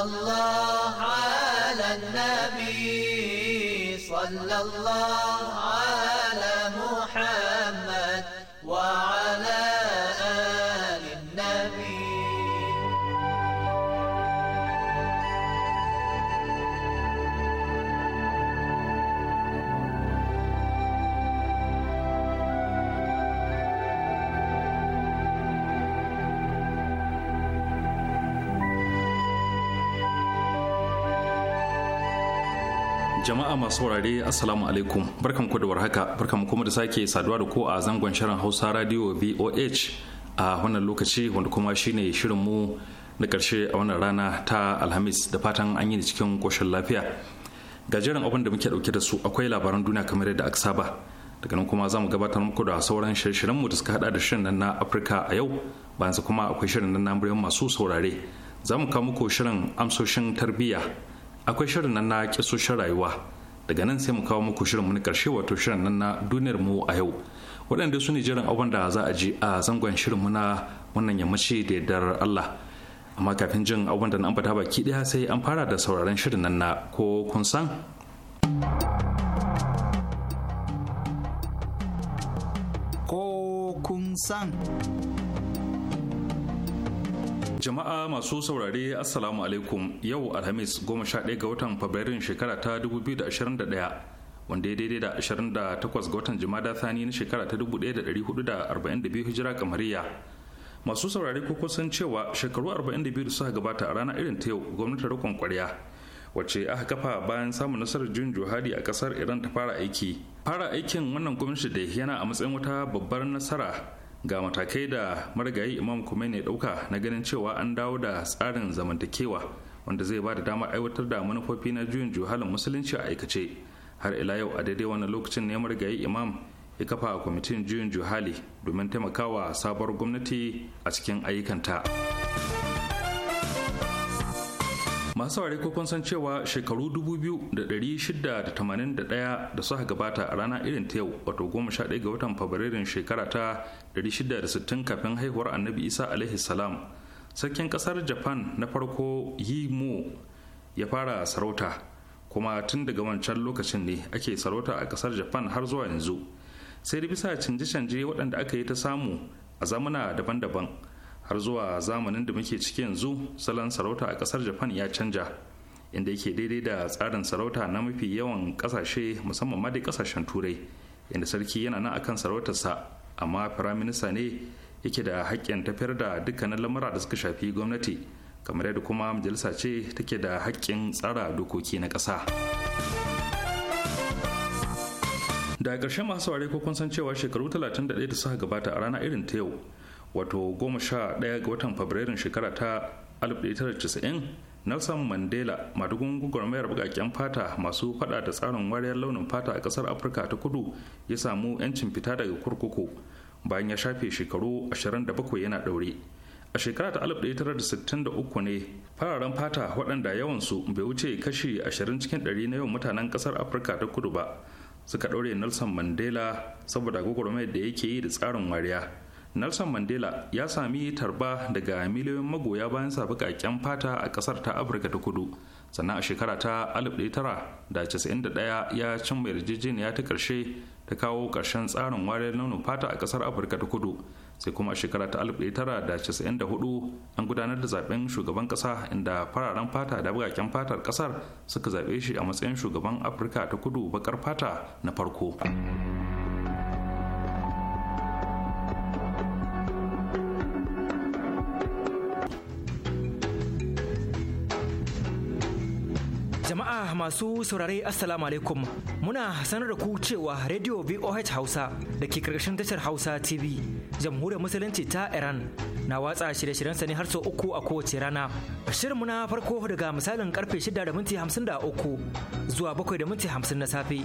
الله على النبي صلى الله عليه jama'a masu saurare assalamu alaikum barkan ku da warhaka barkan kuma da sake saduwa da ko a zangon shirin hausa radio voh a wannan lokaci wanda kuma shine shirin mu na karshe a wannan rana ta alhamis da fatan an yi ni cikin koshin lafiya gajeren abin da muke dauke da su akwai labaran duniya kamar yadda aka saba daga nan kuma zamu gabatar muku da sauran shirye-shiryen mu da suka hada da shirin nan na afirka a yau bayan su kuma akwai shirin nan na masu saurare zamu kawo muku shirin amsoshin tarbiyya akwai shirin nan na kisoshin rayuwa daga nan sai mu kawo muku shirin mu na karshe wato shirin nan na duniyar mu a yau waɗanda su ne jiran abin da za a ji a zangon shirin mu na wannan yammaci da yardar Allah amma kafin jin abin da na ambata baki ɗaya sai an fara da sauraron shirin nan na ko kun san ko kun san Jama'a masu saurare Assalamu alaikum yau Alhamis 11 ga watan Fabrairun shekara ta 2021 wanda ya daidai da 28 ga watan Jumada Thani na shekara ta 1442 Hijira kamariya. Masu saurare ko kusan cewa shekaru 42 da suka gabata a ranar irin ta yau gwamnatin rukun kwarya wacce aka kafa bayan samun nasarar jin juhadi a kasar Iran ta fara aiki. Fara aikin wannan gwamnati da yana a matsayin wata babbar nasara ga matakai da marigayi imam Khomeini ya dauka na ganin cewa an dawo da tsarin zamantakewa wanda zai ba da damar aiwatar da manufofi na juyin juhalin musulunci a aikace har ila yau a daidai wani lokacin ne marigayi imam ya kafa kwamitin juyin juhali domin taimakawa sabuwar gwamnati a cikin ayyukanta. masu saurari ko kun san cewa shekaru 2681 da suka gabata a rana irin ta yau wato 11 ga watan fabrairun shekara ta 660 kafin haihuwar annabi isa alaihi salam sarkin kasar japan na farko yi mu ya fara sarauta kuma tun daga wancan lokacin ne ake sarauta a kasar japan har zuwa yanzu sai da bisa canje-canje waɗanda aka yi ta samu a zamana daban-daban har zuwa zamanin da muke ciki yanzu salon sarauta a kasar japan ya canja inda yake daidai da tsarin sarauta na mafi yawan kasashe musamman ma dai kasashen turai inda sarki yana nan akan sarautarsa amma firaminista ne yake da haƙƙin tafiyar da dukkanin lamura da suka shafi gwamnati kamar yadda kuma majalisa ce take da haƙƙin tsara dokoki na ƙasa. da ƙarshen masu ware ko kun san cewa shekaru 31 da suka gabata a rana irin ta yau wato goma sha ɗaya ga watan fabrairun shekara ta 1990 nelson mandela madugun gwagwarmayar bukaken fata masu fada da tsarin wariyar launin fata a ƙasar afirka ta kudu ya samu 'yancin fita daga kurkuku bayan ya shafe shekaru 27 yana ɗaure. a shekara ta 1963 ne fararen fata waɗanda yawansu bai wuce kashi 20 cikin 100 na yawan mutanen ƙasar afirka ta kudu ba suka ɗaure nelson mandela saboda gwagwarmayar da yake yi da tsarin wariya nelson mandela ya sami tarba daga miliyoyin magoya bayan sa baƙaƙen fata a ƙasar ta afirka ta kudu sannan a shekara ta 1991 ya cimma yarjejeniya ta ƙarshe ta kawo ƙarshen tsarin wariyar launin fata a ƙasar afirka ta kudu sai kuma a shekara ta 1994 an gudanar da zaben shugaban ƙasa inda fararen fata da bugaken fatar ƙasar suka zaɓe shi a matsayin shugaban afirka ta kudu baƙar fata na farko. masu saurare assalamu alaikum muna sanar da ku cewa radio voh hausa da ke karkashin tashar hausa tv jamhuriyar musulunci ta iran na watsa shirye-shiryen Sani har sau uku a kowace rana shirinmu na farko daga misalin karfe 6 da minti 53 zuwa 7 da minti 50 na safe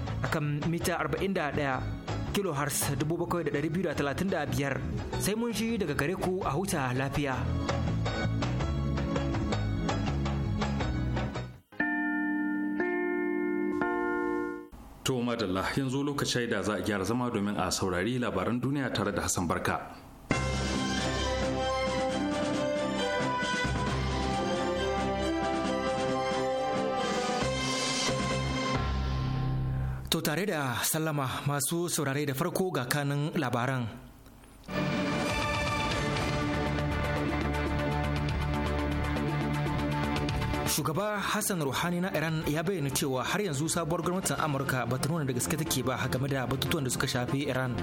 akan mita 41 kilohertz 7,235 sai mun shi daga gare ku a huta lafiya. To madalla yanzu lokaci da za a gyara zama domin a saurari labaran duniya tare da Hassan Barka. tare da sallama masu saurare da farko ga kanin labaran. Shugaba Hassan Rouhani na Iran ya bayyana cewa har yanzu sabuwar gwamnatin Amurka ba ta nuna da gaske take ba game da batutuwan da suka shafi Iran.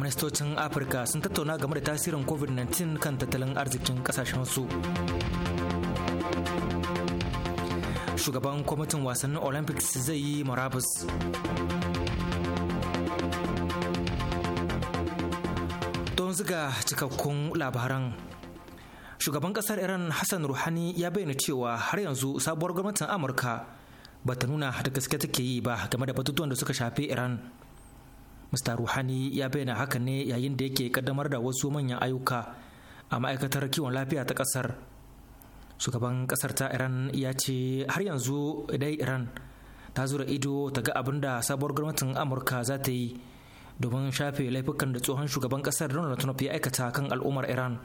Ministocin Afirka sun tattauna game da tasirin COVID-19 kan tattalin arzikin kasashen su. shugaban kwamitin wasannin olympics zai yi Marabus. don ziga cikakkun labaran shugaban kasar iran hassan ruhani ya bayyana cewa har yanzu sabuwar gwamnatin amurka ba ta nuna da gaske take yi ba game da batutuwan da suka shafi iran mr ruhani ya bayyana haka ne yayin da yake kaddamar da wasu manyan ayyuka a ma'aikatar kiwon lafiya ta kasar shugaban kasar ta iran ya ce har yanzu dai iran ta zura ido ta ga abin da sabuwar gwamnatin amurka za ta yi domin shafe laifukan da tsohon shugaban kasar donald trump ya aikata kan al'ummar iran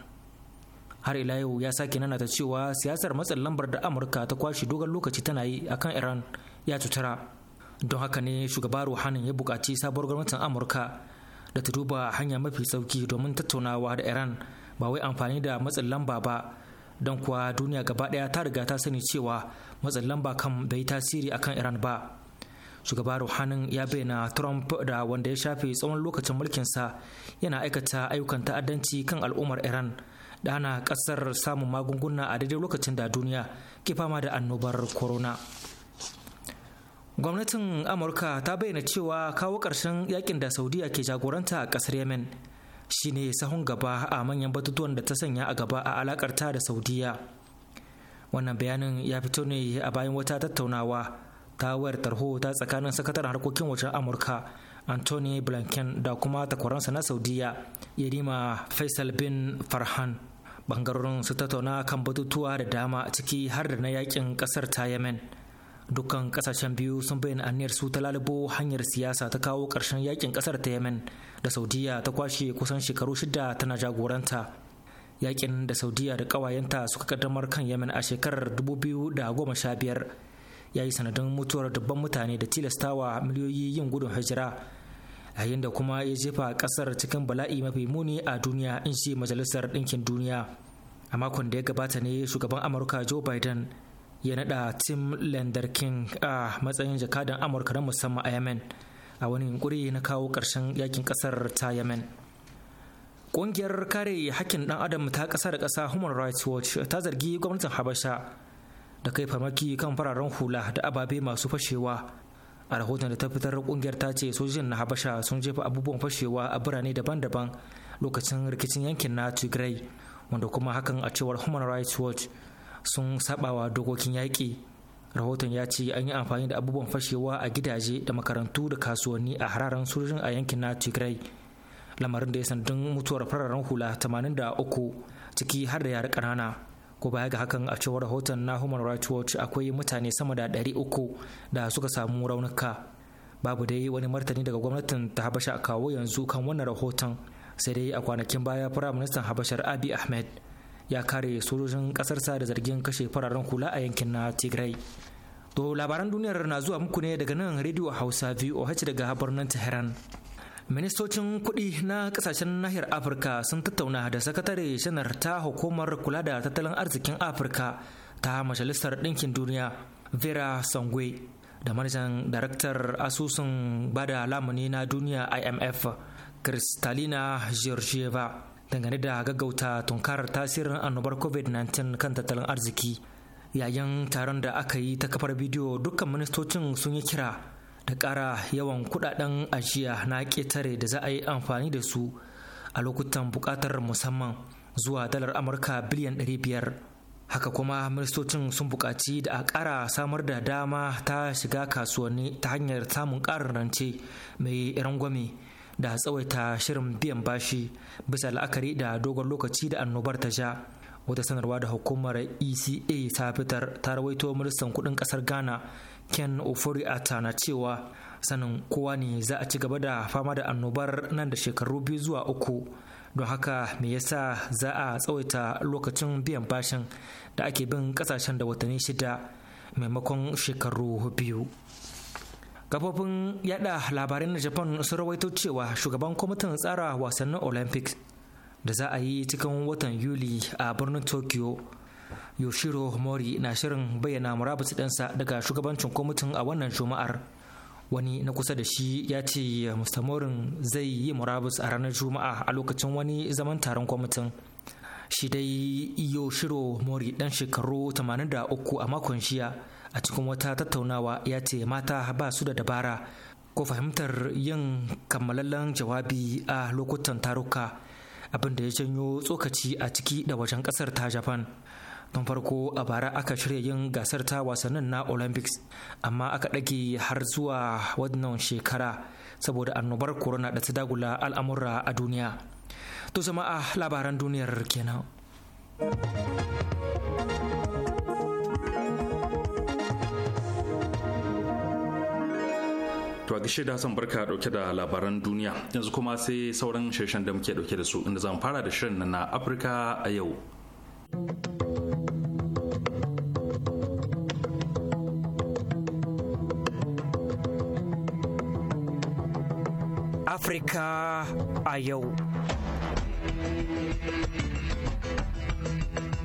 har ila yau ya sake nana nanata cewa siyasar matsin lambar da amurka ta kwashe dogon lokaci tana yi a kan iran ya cutara don haka ne shugaba ruhanin ya buƙaci sabuwar gwamnatin amurka da ta duba hanya mafi sauki domin tattaunawa da iran ba wai amfani da matsin lamba ba don kuwa duniya gaba ɗaya ta riga ta sani cewa matsin lamba kan bai tasiri akan iran ba shugaba ruhanin ya bayyana trump da wanda ya shafe tsawon lokacin mulkinsa yana aikata ayyukan ta'addanci kan al'ummar iran da ana kasar samun magunguna a daidai lokacin da duniya ke fama da annobar corona gwamnatin amurka ta bayyana cewa kawo ƙarshen yakin da saudiya ke jagoranta a ƙasar yemen shine sahun gaba a manyan batutuwan da ta sanya a gaba a alakarta da saudiya wannan bayanin ya fito ne a bayan wata tattaunawa ta wayar tarho ta tsakanin sakataren harkokin wajen amurka anthony blinken da kuma takwaransa na saudiya yarima faisal bin farhan bangarorin su tattauna kan batutuwa da dama ciki har da na yakin kasar ta yemen dukkan kasashen biyu sun bayyana aniyar su ta lalubo hanyar siyasa ta kawo ƙarshen yakin ƙasar ta yemen da saudiya ta kwashe kusan shekaru shida tana jagoranta yakin da saudiya da ƙawayenta suka kaddamar kan yemen a shekarar da 2015 ya yi sanadin mutuwar dubban mutane da tilastawa miliyoyi yin gudun hijira yayin da kuma ya jefa ƙasar cikin bala'i mafi muni a duniya in shi majalisar ɗinkin duniya a makon da ya gabata ne shugaban amurka joe biden ya nada tim lander king a matsayin jakadan amurka na musamman a yemen a wani yunkuri na kawo ƙarshen yakin ƙasar ta yemen ƙungiyar kare hakkin ɗan adam ta ƙasa da ƙasa human rights watch ta zargi gwamnatin habasha da kai farmaki kan fararen hula da ababe masu fashewa a rahoton da ta fitar ƙungiyar ta ce sojojin na habasha sun jefa abubuwan fashewa a birane daban-daban lokacin rikicin yankin na tigray wanda kuma hakan a cewar human rights watch sun sabawa dokokin yaƙi rahoton ya ce an yi amfani da abubuwan fashewa a gidaje da makarantu da kasuwanni a hararen sojojin a yankin na tigray lamarin da ya sandun mutuwar fararen hula 83 ciki har da yara ƙanana ko baya ga hakan a cewar rahoton na human rights watch akwai mutane sama da uku da suka samu raunuka babu dai wani martani daga gwamnatin ta habasha kawo yanzu kan wannan rahoton sai dai a kwanakin baya firaministan habashar abi ahmed ya kare sojojin ƙasarsa da zargin kashe fararen hula a yankin na tigray to labaran duniyar na zuwa muku ne daga nan rediyo hausa voh daga birnin tehran ministocin kuɗi na kasashen nahiyar afirka sun tattauna da sakatare shanar ta hukumar kula da tattalin arzikin afirka ta majalisar ɗinkin duniya vera sangwe da manajan daraktar asusun bada lamuni na duniya imf kristalina georgieva dangane da gaggauta tunkarar tasirin annobar covid-19 kan tattalin arziki yayin taron da aka yi ta kafar bidiyo dukkan ministocin sun yi kira da ƙara yawan kudaden ajiya na ƙetare da za a yi amfani da su a lokutan buƙatar musamman zuwa dalar amurka biliyan 500 haka kuma ministocin sun buƙaci da a ƙara samar da dama ta shiga kasuwanni ta hanyar samun ƙarin rance mai rangwame da tsawaita shirin biyan bashi bisa la'akari da dogon lokaci da annobar ta ja wata sanarwa da hukumar eca ta fitar ta rawaito ministan kudin kasar ghana ken ofori ata na cewa sanin kowa ne za a ci gaba da fama da annobar nan da shekaru biyu zuwa uku don haka me yasa za a tsawaita lokacin biyan bashin da ake bin kasashen da watanni shida maimakon shekaru biyu kafofin yada labarai na japan sun rawaito cewa shugaban kwamitin tsara wasannin olympics da za a yi cikin watan yuli a birnin tokyo yoshiro mori na shirin bayyana murabus ɗinsa daga shugabancin kwamitin a wannan juma'ar wani na kusa da shi ya ce mustamorin zai yi murabus a ranar juma'a a lokacin wani zaman taron kwamitin shi dai yoshiro mori ɗan shekaru 83 a makon shiya a cikin wata tattaunawa ya ce mata ba su da dabara ko fahimtar yin kammalallen jawabi a lokutan taruka abin da ya janyo tsokaci a ciki da wajen kasar ta japan don farko a bara aka shirya yin gasar ta wasannin na olympics amma aka ɗage har zuwa wannan shekara saboda annobar corona da ta dagula al'amura a duniya to jama'a labaran duniyar kenan To a gashe da san barka dauke da labaran duniya yanzu kuma sai sauran shirshen da muke dauke da su inda zan fara da shirin na Afirka a yau. Afirka a yau.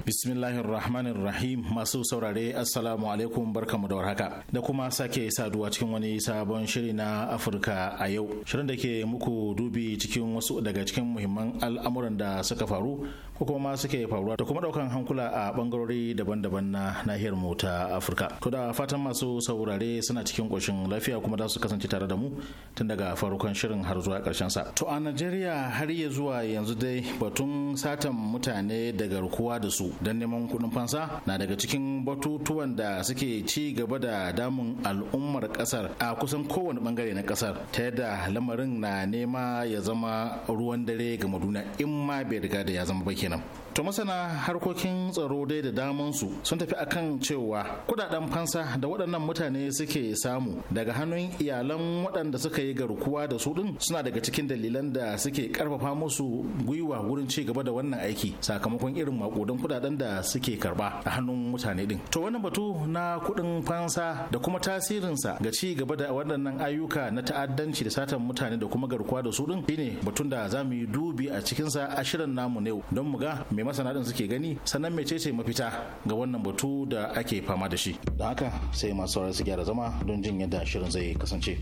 Bismillahirrahmanirrahim masu saurare assalamu alaikum barkamu da warhaka da kuma sake saduwa cikin wani sabon shiri na Afirka a yau. Shirin da ke muku dubi cikin wasu daga cikin muhimman al'amuran da suka faru ko kuma suke faruwa ta kuma daukan hankula a bangarori daban-daban na nahiyar mu ta afirka to da fatan masu saurare suna cikin koshin lafiya kuma za su kasance tare da mu tun daga farkon shirin har zuwa karshen sa to a najeriya har ya zuwa yanzu dai batun satan mutane daga garkuwa da su don neman kuɗin fansa na daga cikin batutuwan da suke ci gaba da damun al'ummar kasar a kusan kowane bangare na kasar ta yadda lamarin na nema ya zama ruwan dare ga maduna in ma bai riga da ya zama baki kenan to masana harkokin tsaro dai da daman su sun tafi akan cewa kudaden fansa da waɗannan mutane suke samu daga hannun iyalan waɗanda suka yi garkuwa da su ɗin suna daga cikin dalilan da suke karfafa musu gwiwa wurin ci gaba da wannan aiki sakamakon irin makudan kudaden da suke karba a hannun mutane din. to wannan batu na kuɗin fansa da kuma tasirinsa ga ci gaba da waɗannan ayyuka na ta'addanci da satan mutane da kuma garkuwa da su ɗin shine batun da za mu yi dubi a cikinsa a shirin namu ne don mu mu ga me masana din suke gani sannan mecece mafita ga wannan batu da ake fama da shi don haka sai masu su gyara zama don jin yadda shirin zai kasance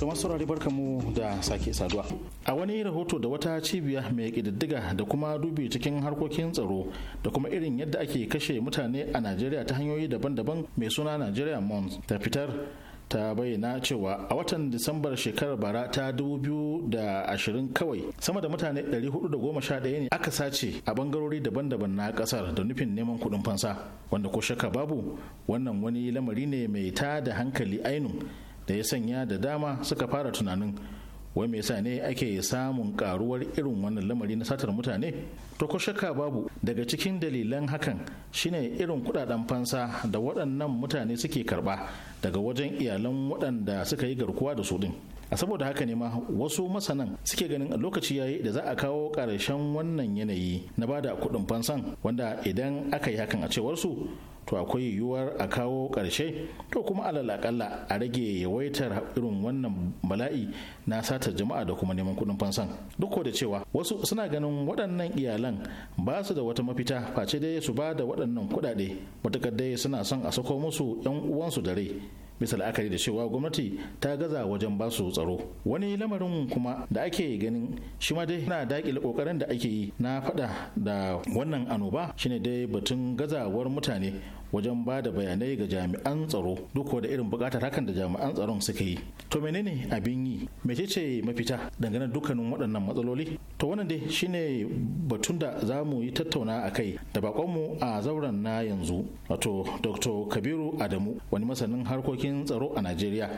kuma masu barka mu da sake saduwa. A wani rahoto da wata cibiya mai kididdiga da kuma dubi cikin harkokin tsaro da kuma irin yadda ake kashe mutane a Najeriya ta hanyoyi daban-daban mai suna Najeriya Mons ta fitar ta bayyana cewa a watan disambar shekarar bara ta 2020 kawai sama da mutane 411 ne aka sace a bangarori daban-daban na kasar da nufin neman kudin fansa wanda ko shaka babu wannan wani lamari ne mai ta da hankali ainu da ya sanya da dama suka fara tunanin wai me yasa ne ake samun karuwar irin wannan lamari na satar mutane to ko shakka babu daga cikin dalilan hakan shine irin kudaden fansa da waɗannan mutane suke karba daga wajen iyalan waɗanda suka yi garkuwa da su din a saboda haka ne ma wasu masanan suke ganin a lokaci yayi da za a kawo ƙarshen wannan yanayi na bada kuɗin fansan wanda idan aka yi hakan a cewar su to akwai yiwuwar a kawo ƙarshe to kuma alal akalla a rage yawaitar irin wannan bala'i na satar jama'a da kuma neman kuɗin fansan duk da cewa wasu suna ganin waɗannan iyalan ba su da wata mafita face dai su ba da waɗannan kuɗaɗe matukar dai suna son a sako musu 'yan uwansu da rai bisa la'akari da cewa gwamnati ta gaza wajen ba su tsaro wani lamarin kuma da ake ganin shi ma dai na dakile kokarin da ake yi na fada da wannan annoba shine dai batun gazawar mutane wajen ba da bayanai ga jami'an tsaro duk da irin bukatar hakan da jami'an tsaron suka yi to menene abin yi mecece mafita dangane dukkanin waɗannan matsaloli to wannan dai shine batun da za mu yi tattauna a kai da mu a zauren na yanzu wato dr kabiru adamu wani masanin harkokin tsaro a najeriya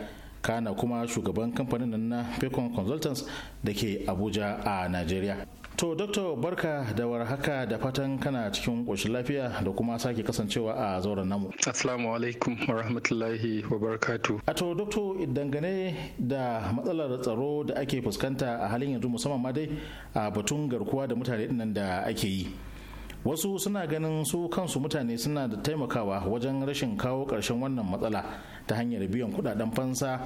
kana kuma shugaban kamfanin na pecon consultants da ke abuja a najeriya To, Dokta barka da warhaka da fatan kana cikin ƙoshin lafiya da kuma sake kasancewa a zauren namu. Assalamu alaikum wa rahmatullahi wa barakatu. A to, Dokta dangane da matsalar tsaro da ake fuskanta a halin yanzu musamman ma dai a batun garkuwa da mutane nan da ake yi. Wasu suna ganin su kansu mutane suna da taimakawa wajen rashin kawo ƙarshen wannan matsala ta hanyar biyan kuɗaɗen fansa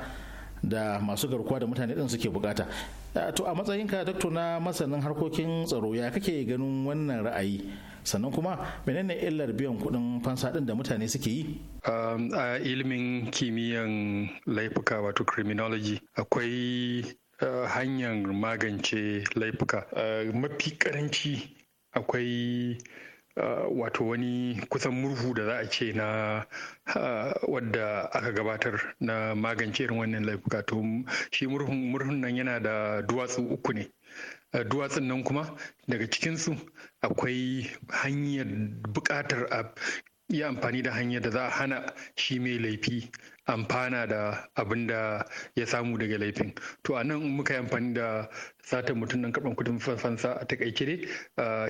da masu garkuwa da mutane din suke bukata ah, to a matsayinka dakto na masanin harkokin tsaro ya kake ganin wannan ra'ayi sannan kuma menene illar biyan kuɗin fansa ɗin da mutane suke yi? Um, a ilimin kimiyyan laifuka wato criminology akwai uh, hanyar magance laifuka uh, mafi karanci akwai Uh, wato wani kusan murhu da za a ce na uh, wadda aka gabatar na magance irin wannan laifuka to shi murhun nan yana da duwatsu uku ne uh, duwatsun nan kuma daga cikinsu akwai hanyar buƙatar a yi amfani da hanyar da za a hana shi mai laifi amfana da abin da ya samu daga laifin to a nan muka yi amfani da satar mutum don karɓar kudin fansa a takaice ne.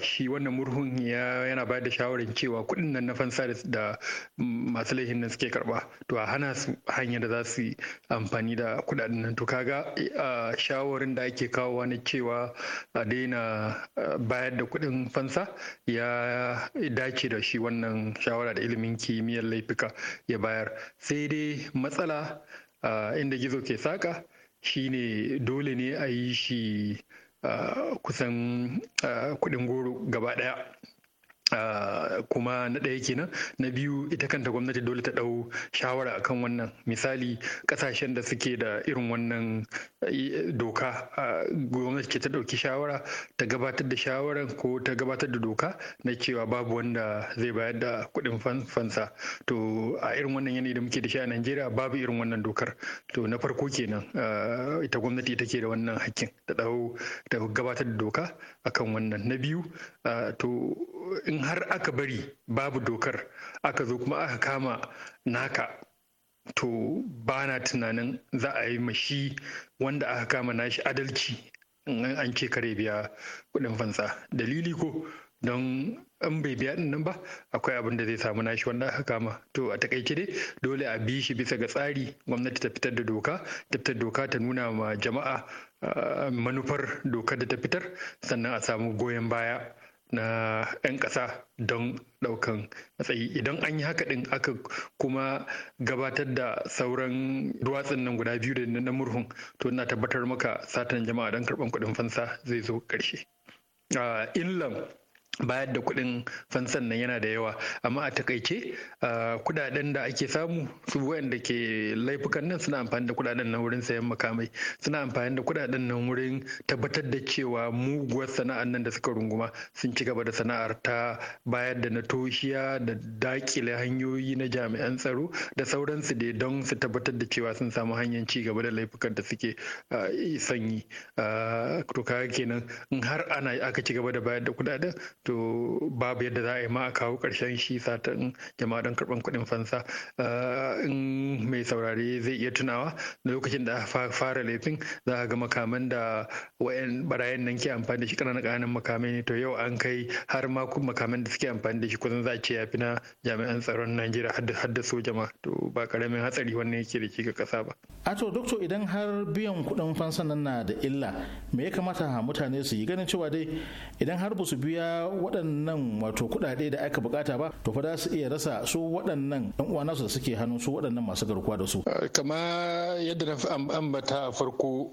shi wannan murhun yana bayar da shawarar cewa kuɗin nan na fansa da masu laihin nan suke karɓa to a hana su hanyar da za su amfani da kuɗaɗen nan to kaga shawarin da ake kawowa na cewa a daina bayar da kudin fansa ya dace da shi wannan shawara da ilimin kimiyyar laifuka ya bayar sai dai matsala inda gizo ke saka shine dole ne a yi shi ah, kusan ah, kudin goro gaba daya Ah, kuma na ɗaya kenan na biyu ita kanta gwamnati dole ta ɗau shawara akan wannan misali ƙasashen da suke da irin wannan eh, doka ah, gwamnati ke ta ɗauki shawara ta gabatar da shawaran ko ta gabatar da doka na cewa babu wanda zai bayar da kuɗin fansa to a irin wannan yanayi da muke da shi a najeriya babu irin wannan dokar to na farko kenan ah, ita gwamnati take da wannan hakkin ta ɗau ta gabatar da doka akan wannan na biyu to in in har aka bari babu dokar aka zo kuma aka kama naka to ba na tunanin za a yi mashi wanda aka kama nashi adalci in an ce kare biya kudin fansa dalili ko don an bai biya din nan ba akwai abin da zai samu nashi wanda aka kama to a takaice dai dole a bi shi bisa ga tsari gwamnati ta fitar da doka ta fitar doka ta nuna ma jama'a ah, manufar doka da ta fitar sannan a samu goyon baya na 'yan ƙasa don ɗaukan matsayi idan an yi haka din aka kuma gabatar da sauran duwatsun nan guda biyu da na murhun to ina tabbatar maka satan jama'a don karban kudin fansa zai zo ƙarshe. Ah, illan bayar da kuɗin fansan nan yana da yawa amma a takaice kuɗaɗen da ake samu su wayanda ke laifukan nan suna amfani da kuɗaɗen nan wurin sayan makamai suna amfani da kuɗaɗen nan wurin tabbatar da cewa muguwar sana'ar nan da suka runguma sun ci gaba da sana'ar ta bayar da na toshiya da dakile hanyoyi na jami'an tsaro da sauransu dai don su tabbatar da cewa sun samu hanyar ci gaba da laifukan da suke sanyi to kaga kenan in har ana aka ci gaba da bayar da kuɗaɗen to babu yadda za a yi ma a kawo ƙarshen shi satan jama'a don karɓan kuɗin fansa eh, in mai saurare zai iya tunawa lokacin da fara laifin za a ga makaman da wayan barayin nan ke amfani da shi ƙananan ƙananan makamai ne to yau an kai har ma makaman da suke amfani da shi kusan za a ce ya fi na jami'an tsaron najeriya har da soja ma to ba ƙaramin hatsari wannan yake da shi ga kasa ba. a to doktor idan har biyan kuɗin fansa nan na da illa me ya kamata mutane su yi ganin cewa dai idan har ba su biya kawo waɗannan wato kuɗaɗe da aka bukata ba to fa za su iya rasa su waɗannan ɗan uwa nasu da suke hannu su waɗannan masu garkuwa da su kama yadda na fi ambata a farko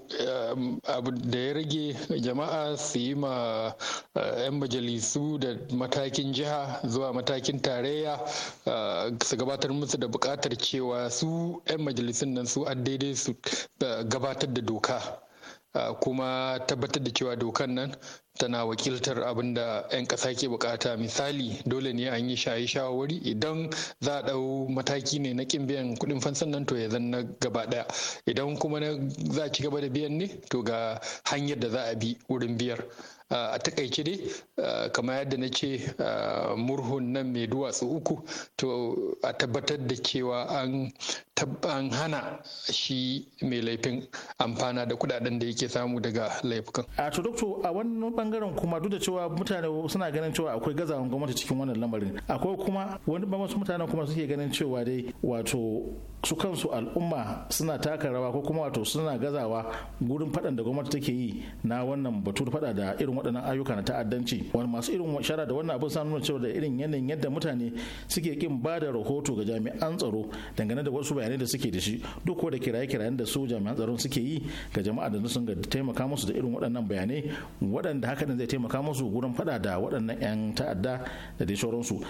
um, abu da ya rage jama'a su yi ma uh, 'yan majalisu da matakin jiha zuwa matakin tarayya uh, su gabatar musu da bukatar cewa su 'yan majalisun nan su daidai su uh, gabatar da doka kuma tabbatar da cewa dokan nan tana wakiltar abin da 'yan ƙasa ke bukata misali dole ne an yi shaye shawarwari idan za a ɗau mataki ne na ƙin biyan kuɗin fansan nan to ya zan na gaba ɗaya idan kuma za a ci gaba da biyan ne to ga hanyar da za a bi wurin biyar a takaice dai eh, kamar yadda na ce eh, murhun nan mai duwatsu uku to a tabbatar da cewa an an hana shi mai laifin amfana da kudaden da yake samu daga laifukan. A to doktor a wannan bangaren kuma duk da cewa mutane suna ganin cewa akwai gazawan gwamnati cikin wannan lamarin akwai kuma wani bangaren mutanen kuma suke ganin cewa dai wato su kansu al'umma suna taka rawa ko kuma wato suna gazawa gurin faɗan da gwamnati take yi na wannan batu faɗa da irin waɗannan ayyuka na ta'addanci wani masu irin shara da wannan abin nuna cewa da irin yanayin yadda mutane suke kin ba da rahoto ga jami'an tsaro dangane da wasu bayanai da suke da shi duk da kiraye-kirayen da su jami'an tsaron suke yi ga jama'a da sun ga taimaka musu da irin waɗannan bayanai waɗanda haka zai taimaka musu gurin faɗa da waɗannan 'yan ta'adda da dai sauransu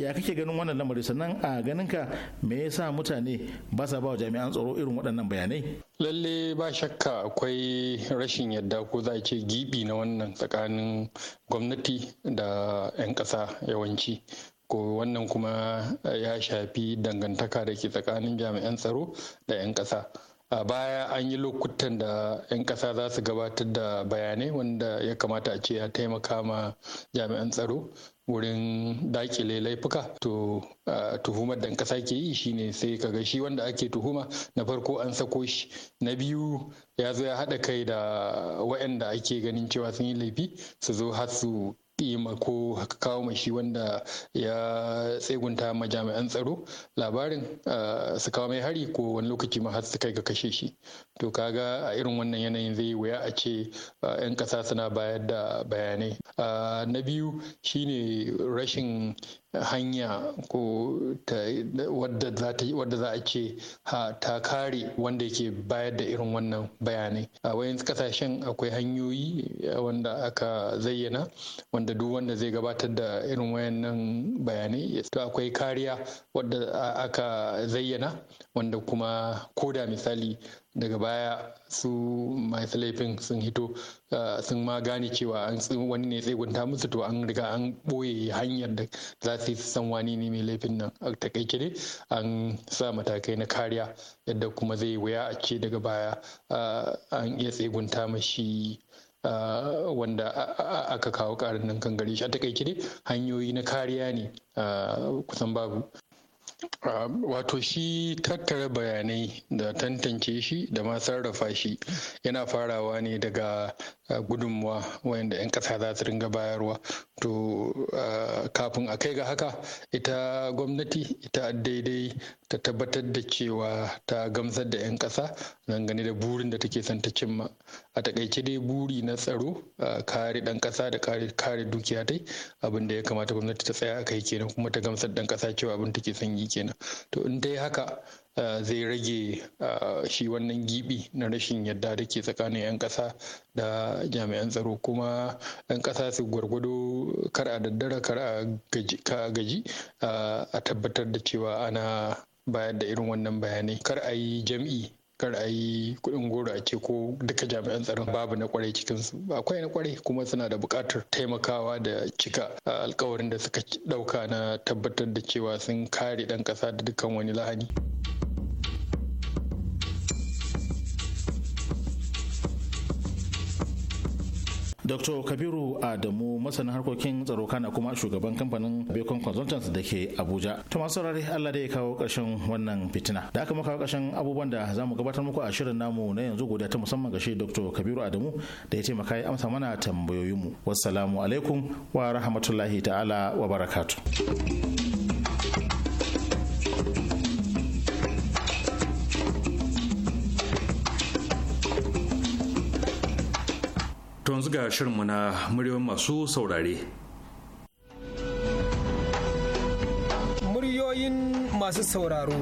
ya kake ganin wannan lamari sannan a ganinka me yasa mutane ba sa ba wa jami'an tsaro irin waɗannan bayanai lalle ba shakka akwai rashin yadda ko za a ce gibi na wannan tsakanin gwamnati da 'yan ƙasa yawanci ko wannan kuma ya shafi dangantaka da ke tsakanin jami'an tsaro da 'yan ƙasa a baya an yi lokutan da 'yan ƙasa za su gabatar da bayanai wanda ya kamata a ce ya taimaka ma jami'an tsaro wurin dakile laifuka to tuhumar da kasa ke yi shine sai kaga shi wanda ake tuhuma na farko an sako shi na biyu ya zo ya haɗa kai da waɗanda ake ganin cewa sun yi laifi su zo har su yi ko kawo mashi wanda ya tsegunta majami'an tsaro labarin su kawo mai hari ko wani lokaci ma har su kai ga kashe shi to kaga a irin wannan yanayin zai wuya a ce 'yan ƙasa suna bayar da bayanai na biyu shine rashin hanya ko wadda za a ce ta kare wanda ke bayar da irin wannan bayanai a wayan kasashen akwai hanyoyi eh, wanda aka zayyana wanda duk wanda zai gabatar da irin wayannan bayanai to akwai kariya wadda aka zayyana wanda kuma koda misali daga baya su masu laifin sun hito ah, sun ma gane cewa an wani ne tsegunta musu to an riga an ɓoye hanyar da za su yi san wani ne mai laifin nan a takaice ne an sa matakai na kariya yadda kuma zai wuya a ce daga baya ah, an iya tsegunta mashi ah, wanda aka kawo karin nan kan gare shi a takaice ne hanyoyi na kariya ne kusan babu Um, wato shi tattara bayanai da tantance shi da ma sarrafa shi yana farawa ne daga gudunmuwa wayanda 'yan ƙasa za su ringa bayarwa to kafin a kai ga haka ita gwamnati ita daidai ta tabbatar da cewa ta gamsar da 'yan ƙasa dangane da burin da take son ta cimma a takaice dai buri na tsaro kare dan kasa da kare dukiya dai abin da ya kamata gwamnati ta tsaya a kai kenan kuma ta gamsar ɗan kasa cewa abin take son yi kenan to in dai haka Eh, zai rage eh, shi wannan gibi na rashin yadda da ke tsakanin 'yan ƙasa da jami'an tsaro kuma 'yan ƙasa su gwargwado kar a daddara kar a gaji eh, a tabbatar da cewa ana bayar da irin wannan bayanai kar a yi jam'i kar a yi kuɗin goro a ce ko duka jami'an tsaron babu na kwarai cikinsu akwai na kwarai kuma suna da bukatar taimakawa da cika alkawarin da suka ɗauka na tabbatar da cewa sun kare ɗan kasa da dukkan wani lahani. Dr. Kabiru Adamu masanin harkokin tsaro kana kuma shugaban kamfanin Bacon Consultants da ke Abuja. Ta masu saurari Allah dai ya kawo ƙarshen wannan fitina. Da aka kawo ƙarshen abubuwan da za mu gabatar muku a shirin namu na yanzu guda ta musamman ga shi Dr. Kabiru Adamu da ya taimaka ya amsa mana tambayoyinmu. Wassalamu alaikum wa rahmatullahi ta'ala wa barakatu. yanzu ga shirinmu na muryoyin masu saurare. Muryoyin masu sauraro.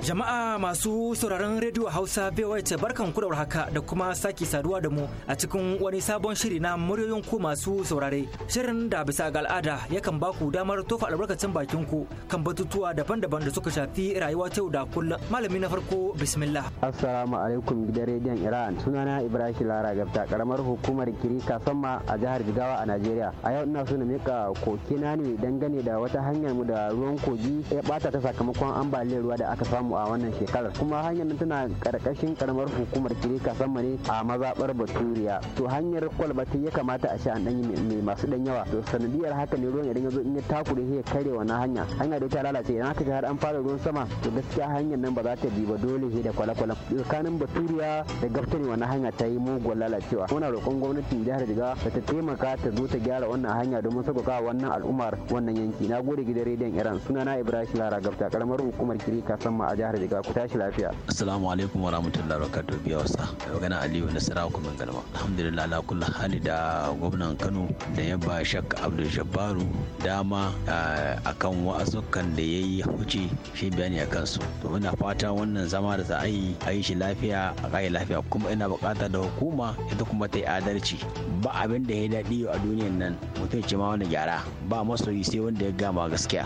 Jama'a masu sauraron rediyo Hausa ta barkan ku haka da kuma sake saduwa da mu a cikin wani sabon shiri na muryoyin ku masu saurare. Shirin da bisa ga al'ada yakan ba ku damar tofa albarkacin bakin ku kan batutuwa daban-daban da suka shafi rayuwa ta yau da kullum. Malami na farko bismillah. Assalamu alaikum gidan rediyon Iran. Sunana Ibrahim Lara Gafta karamar hukumar Kiri Kasamma a jihar Jigawa a Najeriya. A yau ina so na mika kokina ne dangane da wata hanyar mu da ruwan kogi ya bata ta sakamakon ambaliyar ruwa da aka samu samu a wannan shekarar kuma hanyar nan tana karkashin karamar hukumar kirika sama ne a mazabar baturiya to hanyar kwalbati ya kamata a sha an danyi mai masu dan yawa to sanadiyar haka ne ruwan ya zo in ya takure ya kare wannan hanya hanya da ta lalace idan aka har an fara ruwan sama to gaskiya hanyar nan ba za ta bi ba dole sai da kwale tsakanin baturiya da gaftani wannan hanya ta yi mugun lalacewa muna roƙon gwamnatin jihar jigawa da ta taimaka ta zo ta gyara wannan hanya domin sauƙaƙa wannan al'ummar wannan yanki na gode gidan rediyon iran sunana ibrahim lara gafta karamar hukumar kirika sama a jihar Jigawa ku tashi lafiya. Assalamu alaikum wa barakatuh biya wasa. magana Aliyu Nasara min galma. Alhamdulillah ala kulli hali da gwamnan Kano da ya ba shakka Abdul Jabbaru dama eh, akan wa'azukan da yayi huce shi bayani akan su. To ina fata wannan zama da za a yi a yi shi lafiya a kai lafiya kuma ina bukata da hukuma ita kuma ta yi adalci. Ba abin da ya daɗi a duniyar nan mutum ce ma wani gyara ba masoyi sai wanda ya gama gaskiya.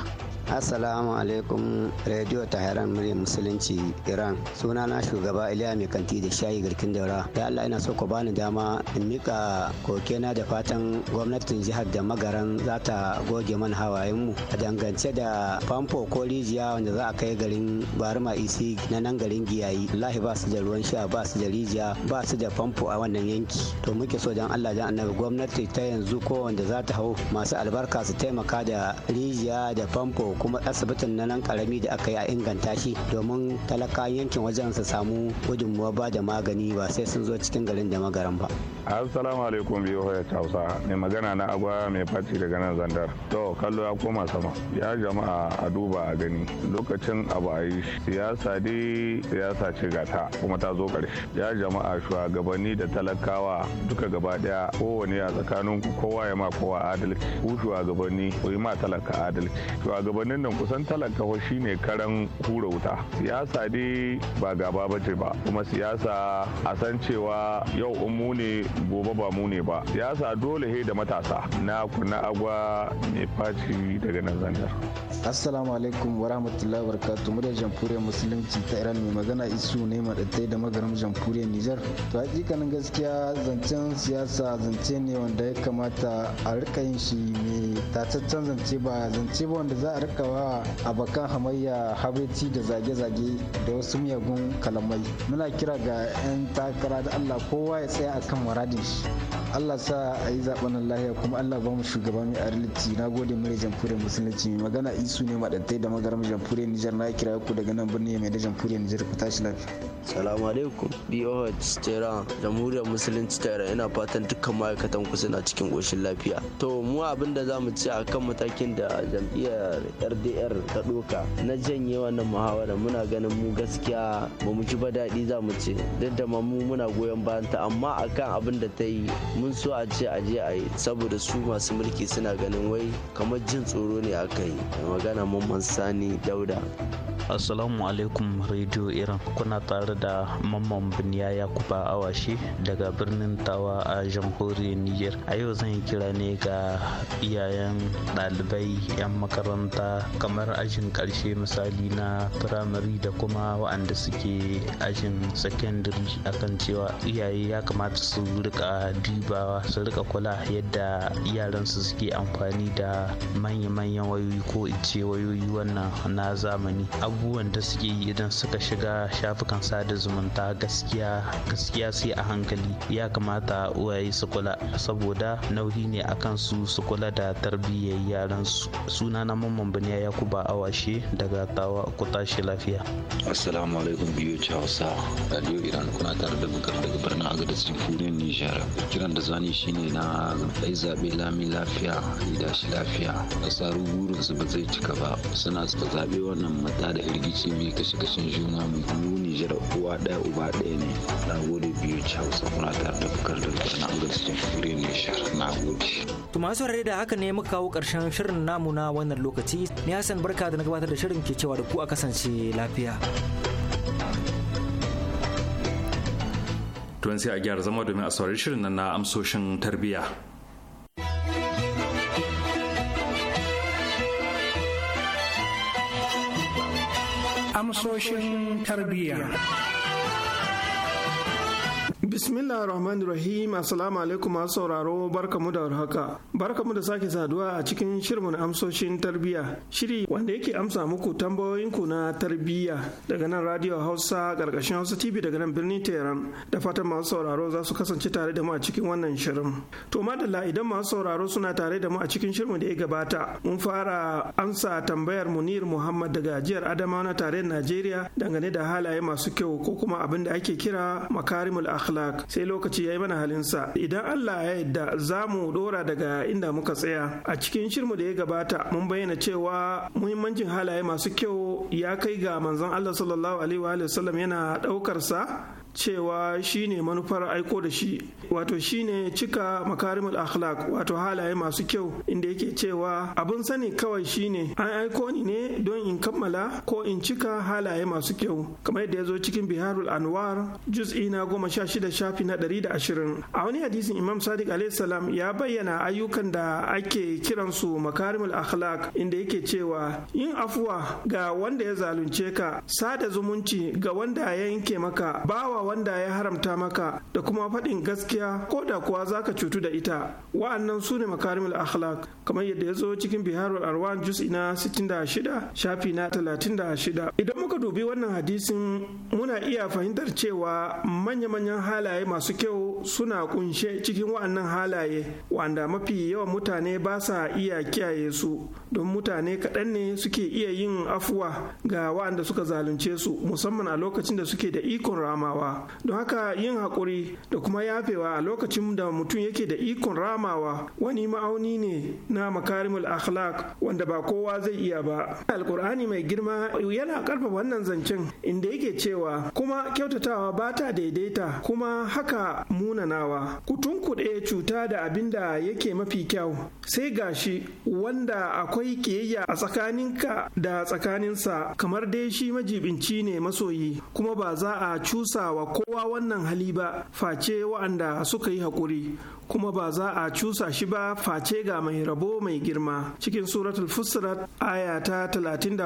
Assalamu alaikum Radio Tahiran Muryar Musulunci Iran. Suna na shugaba Iliya Mai Kanti da Shayi Garkin Daura. Da Allah ina so ku bani dama in mika kokena da fatan gwamnatin jihar da magaran za ta goge man hawayenmu a dangance da famfo ko rijiya wanda za a kai garin Barima Isi na nan garin Giyayi. Wallahi ba su da ruwan sha ba su da rijiya ba su da famfo a wannan yanki. To muke so dan Allah dan annabi gwamnati ta yanzu ko wanda za ta hau masu albarka su taimaka da rijiya da famfo kuma asibitin na nan karami da aka yi a inganta shi domin talaka yankin wajen su samu gudunmuwa ba da magani ba sai sun zo cikin garin da magaran ba. Assalamu alaikum biyu hoya Hausa mai magana na agwa mai faci daga nan zandar. To kallo ya koma sama ya jama'a a duba a gani lokacin abu a yi siyasa dai siyasa ce gata kuma ta zo ƙarshe. Ya jama'a shugabanni da talakawa duka gaba daya kowane a tsakanin kowa ya ma kowa adalci. Ku shugabanni ku yi ma talaka adalci. Shugabanni shugabannin nan kusan talaka shine karan hura wuta siyasa dai ba gaba ba ce ba kuma siyasa a san cewa yau in mu ne gobe ba mu ne ba siyasa dole he da matasa na kuna agwa ne faci daga nan zanjar assalamu alaikum wa rahmatullahi wa mu da jamhuriyar musulunci ta iran mai magana isu ne madatai da magaram jamhuriyar nijar to hakikanin gaskiya zancen siyasa zance ne wanda ya kamata a rika yin shi ne tataccen zance ba zance ba wanda za a rika a bakan hamayya habirci da zage-zage da wasu miyagun kalamai muna kira ga 'yan takara da allah kowa ya tsaya akan muradin shi allah sa a yi zaben lahiya kuma allah ba mu shugaba mai na gode mai jamfure musulunci mai magana isu ne maɗantai da magaram jamfure nijar na kira ku daga nan birni mai da jamfure nijar ku tashi lafiya salamu alaikum boh tera jamhuriyar musulunci tera ina fatan dukkan ma'aikatan ku suna cikin ƙoshin lafiya to mu abin da za mu ci kan matakin da jam'iyyar kasar DR ta doka na janye wannan muhawara muna ganin mu gaskiya ba mu ji ba daɗi za mu ce duk da mu muna goyon bayan ta amma akan abin da ta yi mun so a ce a je a yi saboda su masu mulki suna ganin wai kamar jin tsoro ne aka yi magana mamman sani dauda Assalamu alaikum Radio Iran kuna tare da Mamman Biniya Yakuba Awashi daga birnin Tawa a jamhuriyar Niger. A yau zan yi kira ne ga iyayen ɗalibai 'yan makaranta kamar ajin karshe misali na firamare da kuma waɗanda suke ajin secondary akan cewa iyaye ya kamata su rika dubawa su rika kula yadda yaransu suke amfani da manya-manyan wayoyi ko in ce wayoyi wannan na zamani abubuwan da suke yi idan suka shiga shafukan sada zumunta gaskiya gaskiya sai a hankali ya kamata uwaye su kula saboda nauyi ne akan su su kula da tarbiyyar yaransu suna na mamman ya Yakuba Awashi daga Tawa ku tashi lafiya. Assalamu alaikum biyu Hausa Radio Iran kuna tare da bukar daga birnin Agadez Jamhuriyar Nijar. Kiran da zani shine na ai zaɓe lami lafiya da shi lafiya. Kasaru burin su ba zai cika ba suna suka zaɓe wannan mata da irgici mai kashe kashen juna mai mu Nijar uwa ɗaya uba ɗaya ne. Na gode biyu Hausa kuna tare da bukar daga birnin Agadez Jamhuriyar Nijar. Na gode. tumasu rai da haka ne muka kawo ƙarshen shirin namu na wannan lokaci yi ni hassan barka da na gabatar da shirin ke cewa da ku a kasance lafiya tuwan sai a gyara zama domin a saurari shirin nan na amsoshin tarbiyya amsoshin tarbiyya Bismillah Rahman Rahim Assalamu alaikum masu sauraro barkamu da warhaka. Barkamu da sake saduwa a cikin shirin amsoshin tarbiyya. Shiri wanda yake amsa muku tambayoyin ku na tarbiyya daga nan Radio Hausa karkashin Hausa TV daga nan birnin Tehran. Da fatan masu sauraro za su kasance tare da mu a cikin wannan shirin. To madalla idan masu sauraro suna tare da mu a cikin shirin da ya gabata mun fara amsa tambayar Munir Muhammad daga jihar Adamawa na tare tarayyar Najeriya dangane da halaye masu kyau ko kuma abin da ake kira makarimul akhlaq akhlaq sai lokaci ya yi mana halinsa idan Allah ya yadda za mu dora daga inda muka tsaya a cikin shirmu da ya gabata mun bayyana cewa muhimmancin halaye masu kyau ya kai ga manzon Allah sallallahu alaihi wa sallam yana daukar sa cewa shine manufar aiko da shi wato shine cika makarimul akhlaq wato halaye masu kyau inda yake cewa abin sani kawai shine an aiko ni ne don in kammala ko in cika halaye masu kyau kamar yadda ya zo cikin biharul anwar juz'i na goma sha shida shafi na ɗari da ashirin a wani hadisin imam sadiq alaihissalam ya bayyana ayyukan da ake kiransu makarimul akhlaq inda yake cewa yin afuwa ga wanda ya zalunce ka sada zumunci ga wanda ya yanke maka bawa wanda ya haramta maka da kuma faɗin gaskiya ko da kuwa za ka cutu da ita wa'annan su ne makarimul akhlaq kamar yadda ya zo cikin biharul arwan jus ina 66 shafi na 36 idan muka dubi wannan hadisin muna iya fahimtar cewa manya-manyan halaye masu kyau suna kunshe cikin wa'annan halaye wanda mafi yawan mutane ba sa iya kiyaye su don mutane kaɗan ne suke iya yin afuwa ga wa'anda suka zalunce su musamman a lokacin da suke da ikon ramawa don haka yin haƙuri da kuma yafewa a lokacin da mutum yake da ikon ramawa wani ma'auni ne na makarimul akhlaq wanda ba kowa zai iya ba alkur'ani mai girma yana karfa wannan zancen inda yake cewa kuma kyautatawa ba ta daidaita kuma haka munanawa ku tunkuɗe cuta da abin da yake mafi kyau sai gashi wanda akwai kiyayya a tsakaninka da tsakaninsa kamar dai shi majibinci ne masoyi kuma ba za a cusa cusawa kowa wannan hali ba face wa'anda suka yi haƙuri kuma ba za a cusa shi ba face ga mai rabo mai girma cikin suratul fusrat aya ta 34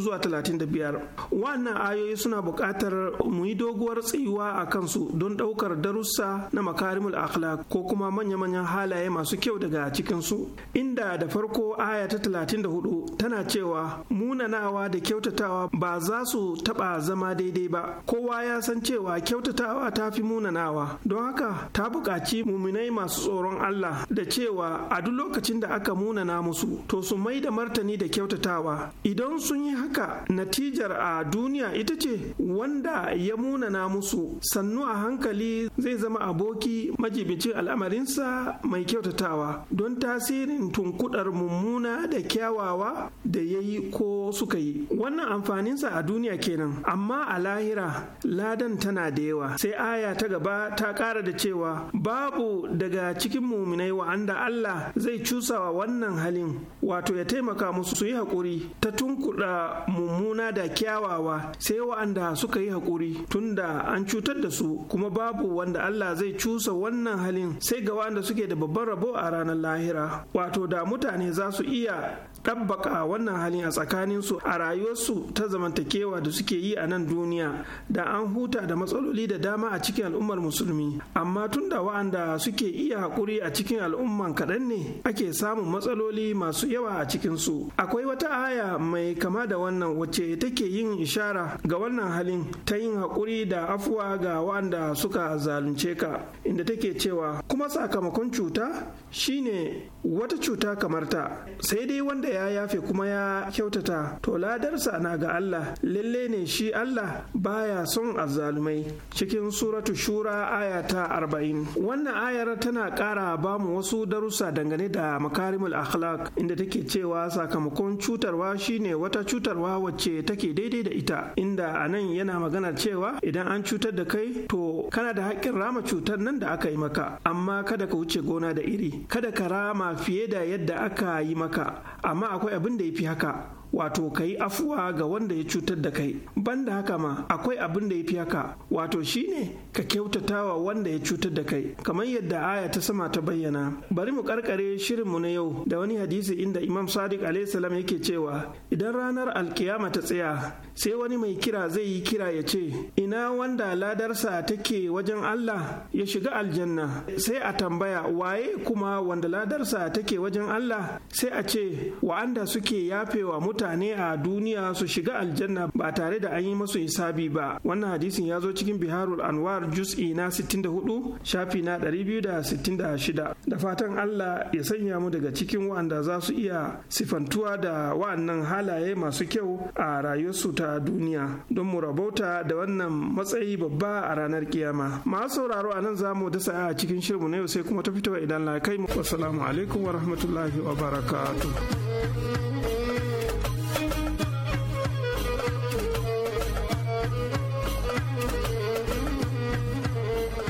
zuwa 35 wannan ayoyi suna bukatar mu yi doguwar tsayuwa a kansu don ɗaukar darussa na makarimul akhlaq ko kuma manya-manyan halaye masu kyau daga cikin su inda da farko aya ta 34 tana cewa munanawa da kyautatawa ba za su taɓa zama daidai ba kowa ya san cewa kyautatawa ta fi munanawa don haka ta buƙaci muminai masu tsoron Allah da cewa a duk lokacin da aka munana musu to su mai da martani da kyautatawa idan sun yi haka natijar a duniya ita ce wanda ya munana musu sannu a hankali zai zama aboki majibicin al'amarinsa mai kyautatawa don tasirin tunkudar mummuna da kyawawa da ya yi ko suka yi wannan amfaninsa a duniya kenan amma a lahira ladan tana da yawa sai aya ta gaba ta ƙara da cewa babu da daga cikin muminai wa'anda Allah zai cusawa wannan halin wato ya taimaka musu su yi haƙuri ta tunkuɗa mummuna da kyawawa sai wa'anda suka yi haƙuri tunda an cutar da su kuma babu wanda Allah zai cusa wannan halin sai ga wa'anda suke da babban rabo a ranar lahira wato da mutane za su iya ɗabbaka wannan halin a tsakanin su a rayuwarsu ta zamantakewa da suke yi a nan duniya da an huta da matsaloli da dama a cikin al'ummar musulmi amma tun da wa'anda suke iya hakuri a cikin al'umman kaɗan ne ake samun matsaloli masu yawa a cikinsu akwai wata aya mai kama da wannan wacce take yin ishara ga wannan halin ta yin haƙuri da afuwa ga wa'anda suka zalunce ka inda take cewa kuma sakamakon cuta shine wata cuta kamar ta sai dai wanda da ya yafe kuma ya kyautata to ladarsa na ga Allah lalle ne shi Allah baya son azzalumai cikin suratu shura aya ta arba'in wannan ayar tana kara ba mu wasu darussa dangane da makarimul akhlaq inda take cewa sakamakon cutarwa shine wata cutarwa wacce take daidai da ita inda anan yana maganar cewa idan an cutar da kai to kana da haƙƙin rama cutar nan da aka yi maka amma kada ka wuce gona da iri kada ka rama fiye da yadda aka yi maka amma akwai abin da ya fi haka wato ka yi afuwa ga wanda ya cutar da kai banda haka ma akwai abin da ya fi haka wato shi ne ka kyautatawa wanda ya cutar da kai kamar yadda aya ta sama ta bayyana bari mu karkare shirin mu na yau da wani hadisi inda imam sadiq alaihissalam yake cewa idan ranar alkiyama ta tsaya sai wani mai kira zai yi kira ya ce ina wanda ladarsa take wajen allah ya shiga aljanna sai a tambaya waye kuma wanda ladarsa take wajen allah sai a ce wa'anda suke yafewa mutu? mutane a duniya su shiga aljanna ba tare da an yi masu hisabi ba wannan hadisin ya zo cikin biharul anwar juz'i na 64 shafi na 266 da fatan Allah ya sanya mu daga cikin wa'anda za su iya sifantuwa da wa'annan halaye masu kyau a rayuwarsu ta duniya don mu rabauta da wannan matsayi babba a ranar kiyama masu sauraro a nan za mu dasa a cikin shirinmu na yau sai kuma ta fitowa idan la kai mu assalamu alaikum wa rahmatullahi wa barakatuh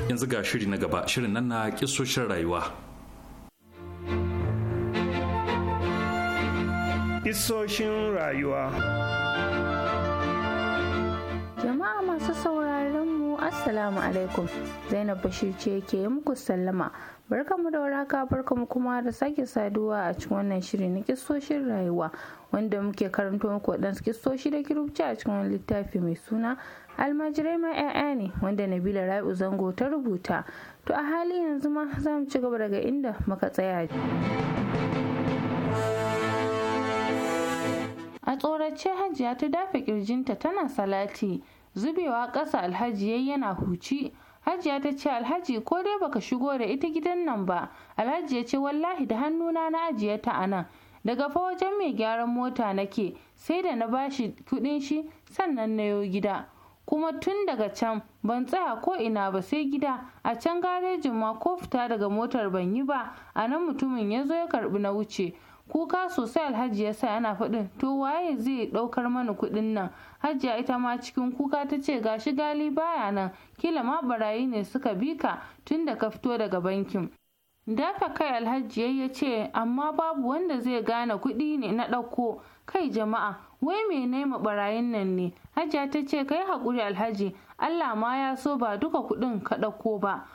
yanzu ga shiri na gaba shirin nan na kisoshin rayuwa Kisoshin rayuwa jama'a masu saurari Assalamu alaikum Zainab Bashir ce ke muku sallama barkamu da waraka barkamu kuma da sake saduwa a cikin wannan shiri na kistoshin rayuwa wanda muke karanto muku waɗansu kistoshi da kirubci a cikin wani littafi mai suna almajirai ma 'ya'ya ne wanda nabila Rabi zango ta rubuta to a hali yanzu ma za mu ci gaba daga inda muka tsaya a tsorace hajiya ta dafa kirjinta tana salati zubewa ƙasa alhaji yayi yana huci hajiya ta ce alhaji ko dai baka shigo da ita gidan nan ba alhaji ya ce wallahi da hannuna na ajiye ta a nan daga fa wajen mai gyaran mota nake sai da na bashi kuɗin shi sannan na yo gida kuma tun daga can ban tsaya ko ina ba sai gida a can garejin ma ko fita daga motar ban yi ba a nan mutumin ya zo ya karbi na wuce kuka sosai alhaji ya sa yana faɗin to waye zai ɗaukar mana kuɗin nan hajiya ita ma cikin kuka ta ce gashi gali baya nan kila ma barayi ne suka bi ka tun da ka fito daga bankin dafa kai alhaji ya ce amma babu wanda zai gane kuɗi ne na ɗauko kai jama'a wai me ma barayin nan ne hajiya ta ce kai haƙuri alhaji allah ma ya so ba duka kuɗin ka ɗauko ba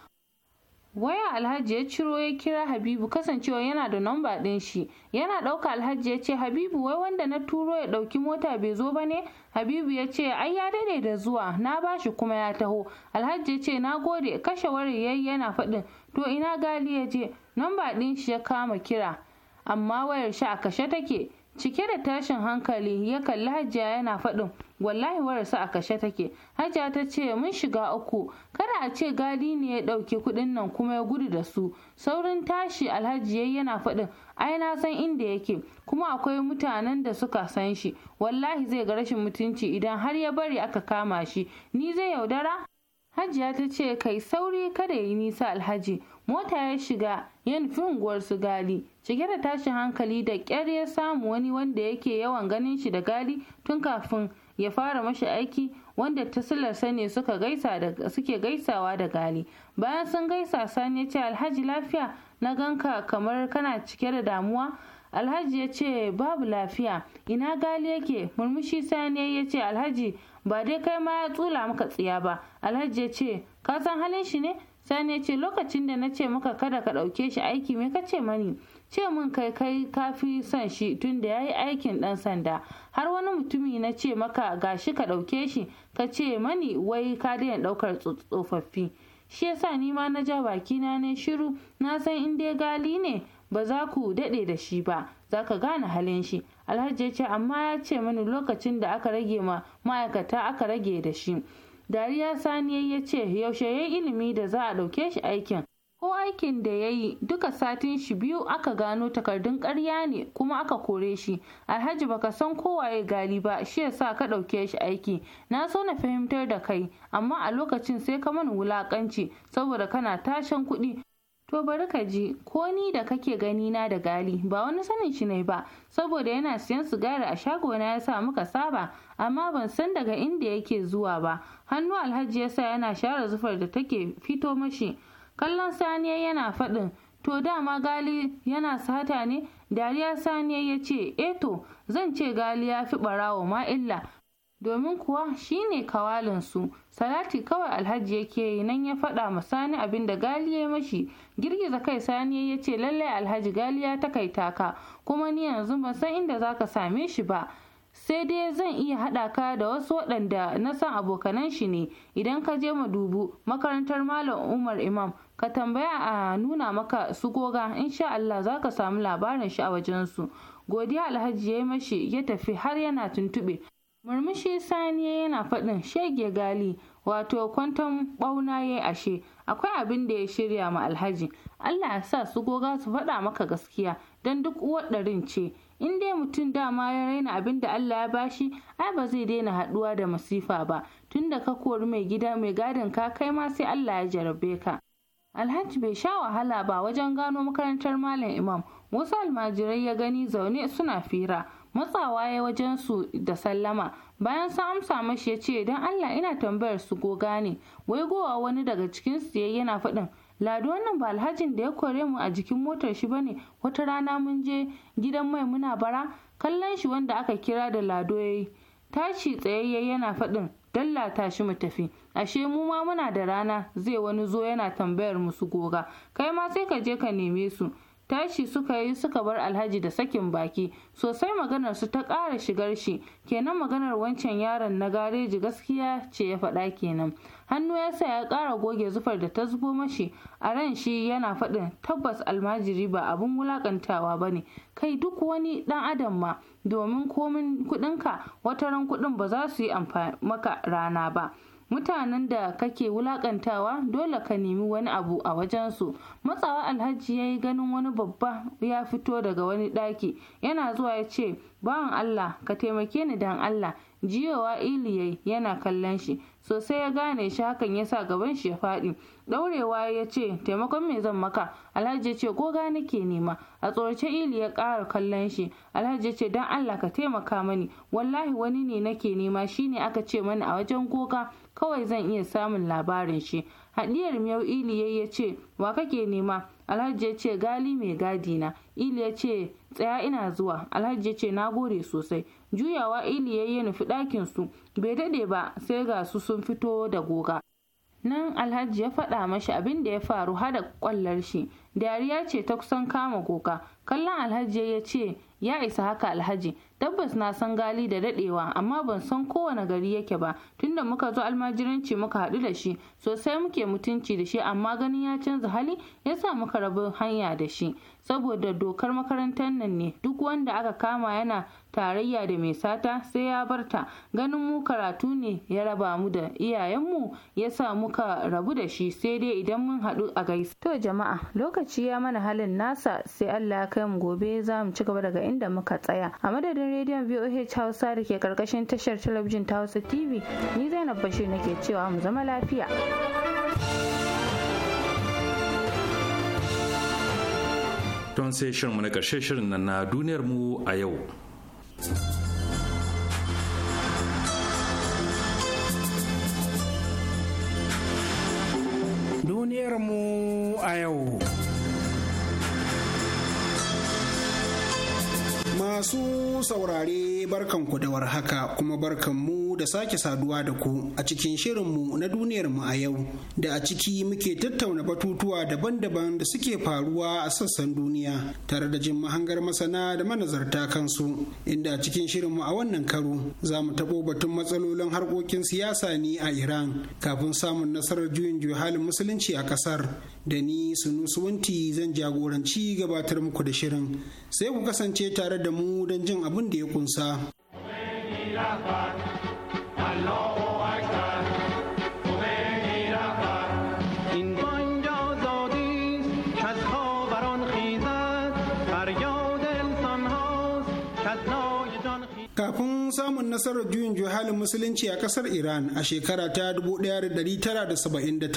waya alhaji ya ciro ya kira habibu kasancewa yana da namba ɗin shi yana ɗauka alhaji ya ce habibu wai wanda na turo ya ɗauki mota bai zo ba ne habibu ya ce ai ya dade da zuwa na bashi kuma ya taho alhaji ya ce na gode kashe wari yayi yana faɗin to ina gali ya je namba ɗin shi ya kama kira amma wayar shi a kashe take cike da tashin hankali ya kalli hajiya yana faɗin wallahi wararsa a kashe take hajiya ta ce mun shiga uku kada a ce gadi ne ya ɗauki kuɗin nan kuma ya gudu da su saurin tashi alhaji yana faɗin ai na san inda yake kuma akwai mutanen da suka san shi wallahi zai ga rashin mutunci idan har ya bari aka kama shi ni zai yaudara hajiya ta ce kai sauri kada yi nisa alhaji mota ya shiga ya nufi unguwar su gali cike da tashin hankali da ƙyar ya samu wani wanda yake yawan ganin shi da gali tun kafin ya fara mashi aiki wanda tasilarsa ne suka gaisa suke gaisawa da gali bayan sun gaisa sani ya ce alhaji lafiya na ganka kamar kana cike da damuwa alhaji ya ce babu lafiya ina gali yake murmushi sani ya ce alhaji ba dai kai ma ya tsula maka tsiya ba alhaji ya ce ka san halin shi ne sani ya ce lokacin da na ce maka kada ka ɗauke shi aiki me ka ce mani ce mun kai kai ka fi son shi tun da ya yi aikin ɗan sanda har wani mutumi na ce maka ga shi ka ɗauke shi ka ce mani wai ka daina ɗaukar tsofaffi shi yasa ni ma na ja na ne shiru na san in dai gali ne ba za ku daɗe da shi ba za ka gane halin shi alhaji ya ce amma ya ce mani lokacin da aka rage ma ma'aikata aka rage da shi dariya sani ya ce yaushe ya ilimi da za a ɗauke shi aikin ko aikin da ya yi duka satin shi biyu aka gano takardun ƙarya ne kuma aka kore shi alhaji baka san kowaye gali ba shi ya sa ka ɗauke shi aiki na so na fahimtar da kai amma a lokacin sai ka mana wulaƙanci saboda kana tashin kuɗi To bari ka ji ko ni da kake gani na da gali ba wani sanin shi ne ba saboda yana siyan sigari a shagona ya sa muka saba amma ban san daga inda yake zuwa ba hannu alhaji ya sa yana share zufar da take fito mashi kallon saniya yana faɗin to dama gali yana sata ne dariya saniya ya ce eto eh zan ce gali ya fi ɓarawo ma illa domin kuwa shi ne kawalinsu salati kawai alhaji yake yi nan ya faɗa ma sani abin da gali ya mashi girgiza kai sani ya ce lallai alhaji gali ya takaita ka kuma ni yanzu ban san inda zaka same shi ba sai dai zan iya haɗa ka da wasu waɗanda na san abokanan shi ne idan ka je ma dubu makarantar malam umar imam ka tambaya a nuna maka su goga insha Allah za ka samu labarin shi a wajensu godiya alhaji ya yi mashi ya tafi har yana tuntuɓe murmushi Saniya yana faɗin shege gali wato kwanton ɓauna ya ashe akwai abin da ya shirya ma alhaji allah ya sa su goga su faɗa maka gaskiya don duk uwar ɗarin ce in dai mutum dama ya raina abin da allah ya bashi ai ba zai daina haɗuwa da masifa ba tunda ka kori mai gida mai gadin ka kai ma sai allah ya jarabe ka alhaji bai sha wahala ba wajen gano makarantar malam imam wasu almajirai ya gani zaune suna fira matsawa ya wajen su da sallama bayan sun amsa mashi ya ce don allah ina tambayar su goga ne wai gowa wani daga cikin su yana faɗin lado wannan ba alhajin da ya kore mu a jikin motar shi bane wata rana mun je gidan mai muna bara kallon shi wanda aka kira da lado ya yi tashi tsayayye yana faɗin dalla tashi mu tafi ashe mu ma muna da rana zai wani zo yana tambayar mu su goga kai ma sai ka je ka neme su tashi suka yi suka bar alhaji da sakin baki sosai maganar su ta ƙara shigar shi kenan maganar wancan yaron na gareji gaskiya ce ya faɗa kenan hannu ya sa ya ƙara goge zufar da ta zubo mashi a ran shi yana faɗin tabbas almajiri ba abin wulaƙantawa ba ne kai duk wani ɗan adam ma domin komin kuɗinka wataran kuɗin ba za su yi amfani maka rana ba mutanen da kake wulakantawa dole ka nemi wani abu a wajensu matsawa alhaji ya yi ganin wani babba ya fito daga wani ɗaki yana zuwa ya ce bawan allah ka taimake ni dan allah jiyowa iliyai yana kallon shi sosai ya gane shi hakan ya sa gaban shi ya faɗi Ɗaurewa ya ce taimakon me zan maka alhaji ya ce goga nake nema a tsorace ili ya ƙara kallon shi alhaji ya ce don allah ka taimaka mani wallahi wani ne nake nema shine aka ce mani a wajen goga kawai zan iya samun labarin shi hadiyar miyau ili ya ce wa kake nema alhaji ya ce gali mai gadi na iliya ce tsaya ina zuwa alhaji ya ce na gode sosai juyawa ili ya nufi ɗakin su bai daɗe ba sai ga su sun fito da goga nan alhaji ya faɗa mashi abin da ya faru hada kwallar shi dariya ce ta kusan kama goga. kallon alhaji ya ce ya isa haka alhaji tabbas na san gali da dadewa amma ban san kowane gari yake ba tunda muka zo almajiranci muka hadu da shi sosai muke mutunci da shi amma ganin ya canza hali yasa muka rabu hanya da shi saboda dokar makarantar nan ne duk wanda aka kama yana tarayya da mai sata sai ya barta ganin mu karatu ne ya raba mu da iyayenmu ya sa muka rabu da shi sai dai idan mun haɗu a gaisa. To jama'a lokaci ya mana halin nasa sai Allah ya kai mu gobe za mu ci gaba daga inda muka tsaya. A madadin rediyon VOH Hausa da ke karkashin tashar talabijin ta Hausa TV ni Zainab Bashir nake cewa mu zama lafiya. thank you don sai shirinmu na ƙarshe shirin nan na duniyar mu a yau. Duniyar mu a yau. Masu saurare barkanku da warhaka kuma barkanmu da sake saduwa da ku a cikin shirinmu na duniyarmu a yau da a ciki muke tattauna batutuwa daban-daban da suke faruwa a sassan duniya tare da jin mahangar masana da manazarta kansu inda a cikin shirinmu a wannan karo za mu taɓo batun matsalolin harkokin siyasa ne a Iran kafin samun nasarar juyin halin musulunci a ƙasar da ni sunusuwanti zan jagoranci gabatar muku da shirin sai ku kasance tare da mu don jin abin da ya kunsa. Allah samun nasarar juyin juhalin musulunci a kasar Iran a shekara ta 1979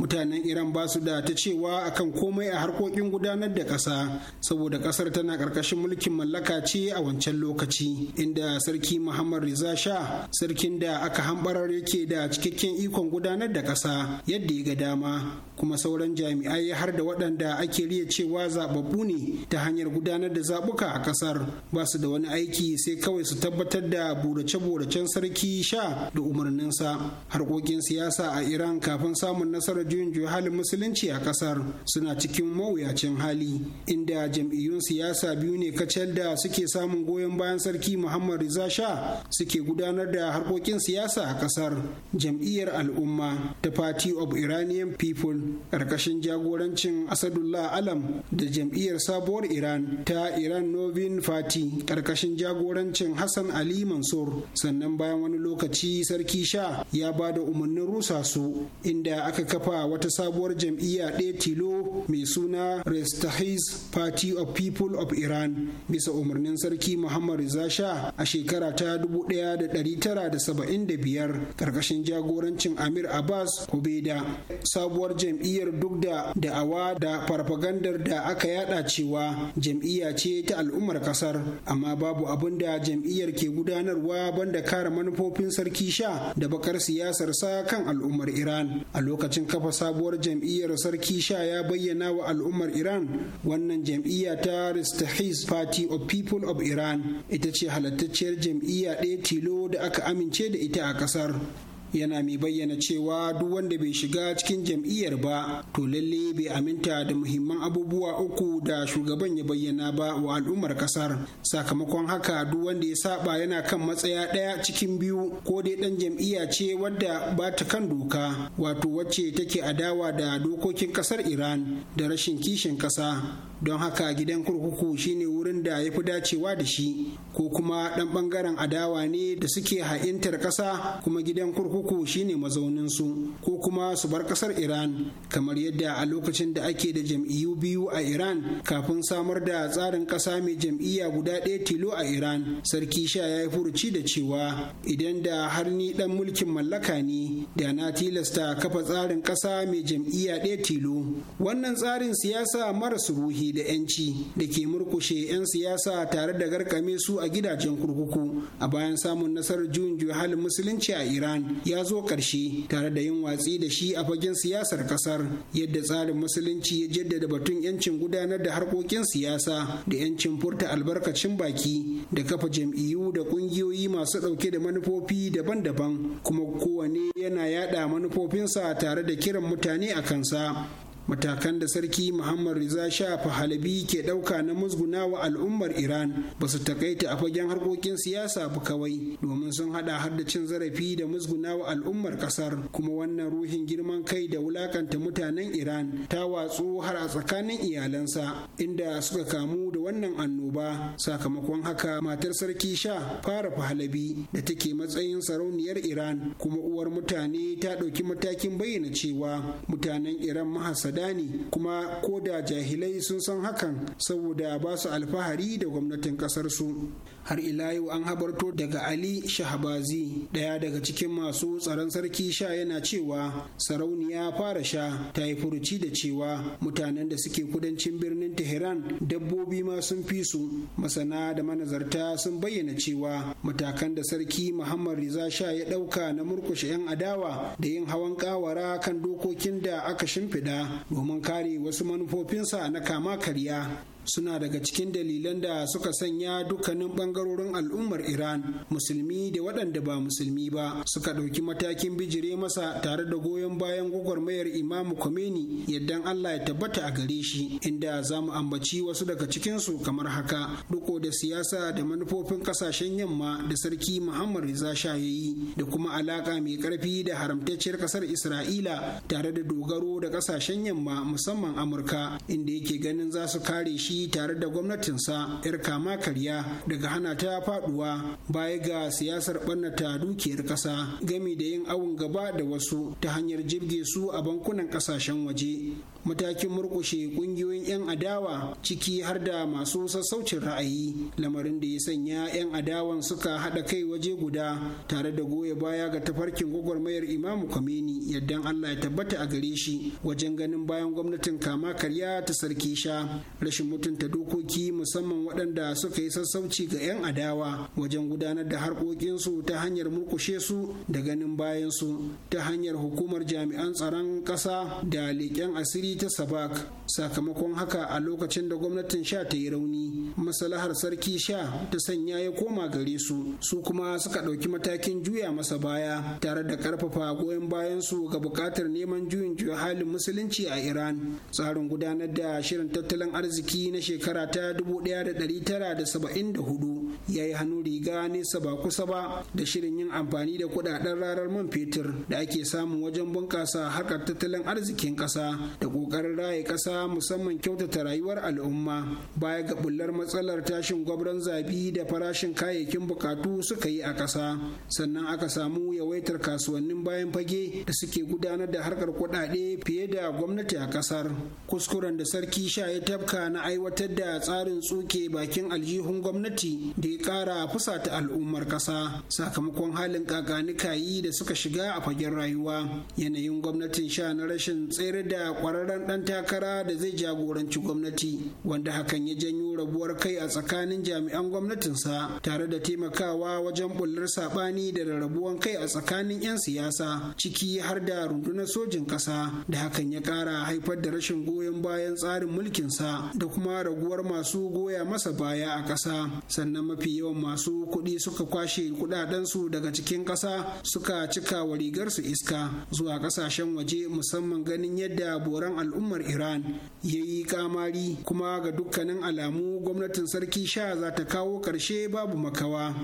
mutanen Iran ba su da ta cewa akan komai a harkokin gudanar da ƙasa saboda ƙasar tana ƙarƙashin mulkin mallaka ce a wancan lokaci inda sarki Muhammad Riza Shah sarkin da aka hambarar yake da cikakken ikon gudanar da ƙasa yadda ya ga dama kuma sauran jami'ai har da waɗanda ake riya cewa zababbu ne ta hanyar gudanar da zabuka a ƙasar ba su da wani aiki sai kawai su tabbatar da burace-buracen sarki sha da umarninsa harkokin siyasa a iran kafin samun nasarar juyin juya halin musulunci a ƙasar suna cikin mawuyacin hali inda jam'iyyun siyasa biyu ne kacal da suke samun goyon bayan sarki muhammad riza sha suke gudanar da harkokin siyasa a ƙasar jam'iyyar al'umma ta party of iranian people ƙarƙashin jagorancin asadullah alam da jam'iyyar sabuwar iran ta iran novin fati ƙarƙashin jagorancin hassan ali mansur sannan bayan wani lokaci sarki sha ya ba da umarnin rusa su inda aka kafa wata sabuwar jam'iyya ɗaya tilo mai suna Restahis party of people of iran bisa umarnin sarki muhammad Reza a shekara ta 1975 ƙarƙashin jagorancin Amir Abbas Kubeda. Sabuwar jam'iyya. jam'iyyar duk da da'awa da farfagandar da aka yada cewa jam'iyya ce ta al'ummar kasar amma babu abin da jam'iyyar ke gudanarwa banda kare manufofin sarki sha da bakar siyasar sa kan al'ummar iran a lokacin kafa sabuwar jam'iyyar sarki sha ya bayyana wa al'ummar iran wannan jam'iyya ta Ristahis Party of People of Iran ita ce halattacciyar jam'iyya ɗaya tilo da aka amince da ita a ƙasar yana mai bayyana cewa duk wanda bai shiga cikin jam'iyyar ba to lalle bai aminta da muhimman abubuwa uku da shugaban ya bayyana ba wa al'ummar kasar sakamakon haka duk wanda ya saba yana kan matsaya ɗaya cikin biyu ko dai ɗan jam'iyya ce wadda ba ta kan doka wato wacce take adawa da dokokin kasar iran da rashin kishin kasa don haka gidan kurkuku shine wurin da ya fi dacewa da shi ko kuma ɗan ɓangaren adawa ne da suke ha'intar ƙasa kuma gidan kurkuku shine mazaunin su ko kuma su bar ƙasar iran kamar yadda a lokacin da ake da jam'iyyu biyu a iran kafin samar da tsarin ƙasa mai jam'iyya guda ɗaya tilo a iran sarki sha ya yi furuci da cewa idan da har ni ɗan mulkin mallaka ne da na tilasta kafa tsarin ƙasa mai jam'iyya ɗaya tilo wannan tsarin siyasa maras ruhi da 'yanci da ke murkushe 'yan siyasa tare da garkame su a gidajen kurkuku a bayan samun nasarar juyin halin musulunci a Iran ya zo ƙarshe tare da yin watsi da shi a fagen siyasar ƙasar yadda tsarin musulunci ya jaddada batun 'yancin gudanar da harkokin siyasa da 'yancin furta albarkacin baki da kafa jam'iyyu da ƙungiyoyi masu dauke da manufofi daban-daban kuma kowane yana yada manufofinsa tare da kiran mutane a kansa matakan da sarki muhammad riza sha fahalabi ke ɗauka na musgunawa al'ummar iran ba su takaita a fagen harkokin siyasa ba kawai domin sun hada har da cin zarafi da wa al'ummar ƙasar kuma wannan ruhin girman kai da wulakanta mutanen iran ta watsu har a tsakanin iyalansa inda suka kamu da wannan annoba sakamakon haka matar sarki sha fara fahalabi da take matsayin sarauniyar iran kuma uwar mutane ta ɗauki matakin bayyana cewa mutanen iran mahasa hassada ne kuma ko da jahilai sun san hakan saboda ba su alfahari da gwamnatin su har ila yau an habarto daga ali shahabazi daya daga cikin masu tsaron sarki sha yana cewa sarauniya fara sha ta yi furuci da cewa mutanen da suke kudancin birnin tehran dabbobi ma sun fi su masana da manazarta sun bayyana cewa matakan da sarki muhammad riza sha ya ɗauka na murkushe 'yan adawa da yin hawan kawara kan dokokin da aka shimfiɗa domin kare wasu manufofinsa na kama karya suna daga cikin dalilan da suka sanya dukkanin bangarorin al'ummar Iran musulmi da waɗanda ba musulmi ba suka ɗauki matakin bijire masa tare da goyon bayan gwagwarmayar imamu Khomeini yadda Allah ya tabbata a gare shi inda za mu ambaci wasu daga cikinsu kamar haka duko da siyasa da manufofin ƙasashen yamma da sarki Muhammad Riza ya yi da kuma alaƙa mai ƙarfi da haramtacciyar ƙasar Isra'ila tare da dogaro da ƙasashen yamma musamman Amurka inda yake ganin za su kare shi tare da gwamnatinsa 'yar kama karya daga hana ta faduwa baya ga siyasar ɓannata dukiyar ƙasa gami da yin awon gaba da wasu ta hanyar jirge su a bankunan ƙasashen waje matakin murkushe kungiyoyin 'yan adawa ciki har da masu sassaucin ra'ayi lamarin da ya sanya 'yan adawan suka haɗa kai waje guda tare da goya baya ga tafarkin gwagwarmayar imamu kwameni yadda allah ya tabbata a gare shi wajen ganin bayan gwamnatin kama karya ta sarki sha rashin mutunta dokoki musamman waɗanda suka yi sassauci ga 'yan adawa wajen gudanar da harkokinsu ta hanyar murkushe su da ganin bayan su ta hanyar hukumar jami'an tsaron ƙasa da leƙen asiri ta sabak sakamakon haka a lokacin da gwamnatin sha ta yi rauni masalahar sarki sha ta sanya ya koma gare su su kuma suka ɗauki matakin juya masa baya tare da ƙarfafa goyon bayan su ga buƙatar neman juyin juya halin musulunci a iran tsarin gudanar da shirin tattalin arziki na shekara ta da da tara saba'in hudu ya yi hannu riga nesa ba kusa ba da shirin yin amfani da kuɗaɗen rarar man fetur da ake samun wajen bunƙasa harkar tattalin arzikin ƙasa da kokarin raye kasa musamman kyautata rayuwar al'umma baya ga bullar matsalar tashin gwabran zabi da farashin kayayyakin bukatu suka yi a ƙasa sannan aka samu yawaitar kasuwannin bayan fage da suke gudanar da harkar kuɗaɗe fiye da gwamnati a ƙasar kuskuren da sarki sha ya tabka na aiwatar da tsarin tsuke bakin aljihun gwamnati da ya ƙara fusata al'ummar ƙasa sakamakon halin kakanikayi da suka shiga a fagen rayuwa yanayin gwamnatin sha na rashin tsere da ƙwararren sauran ɗan takara da zai jagoranci gwamnati wanda hakan ya janyo rabuwar kai a tsakanin jami'an gwamnatinsa tare da taimakawa wajen bullar saɓani da rarrabuwan kai a tsakanin 'yan siyasa ciki har da rundunar sojin ƙasa da hakan ya ƙara haifar da rashin goyon bayan tsarin mulkinsa da kuma raguwar masu goya masa baya a ƙasa sannan mafi yawan masu kuɗi suka kwashe kuɗaɗensu daga cikin ƙasa suka cika wa rigarsu iska zuwa ƙasashen waje musamman ganin yadda boran al'ummar iran ya yi kamari kuma ga dukkanin alamu gwamnatin sarki sha za ta kawo ƙarshe babu makawa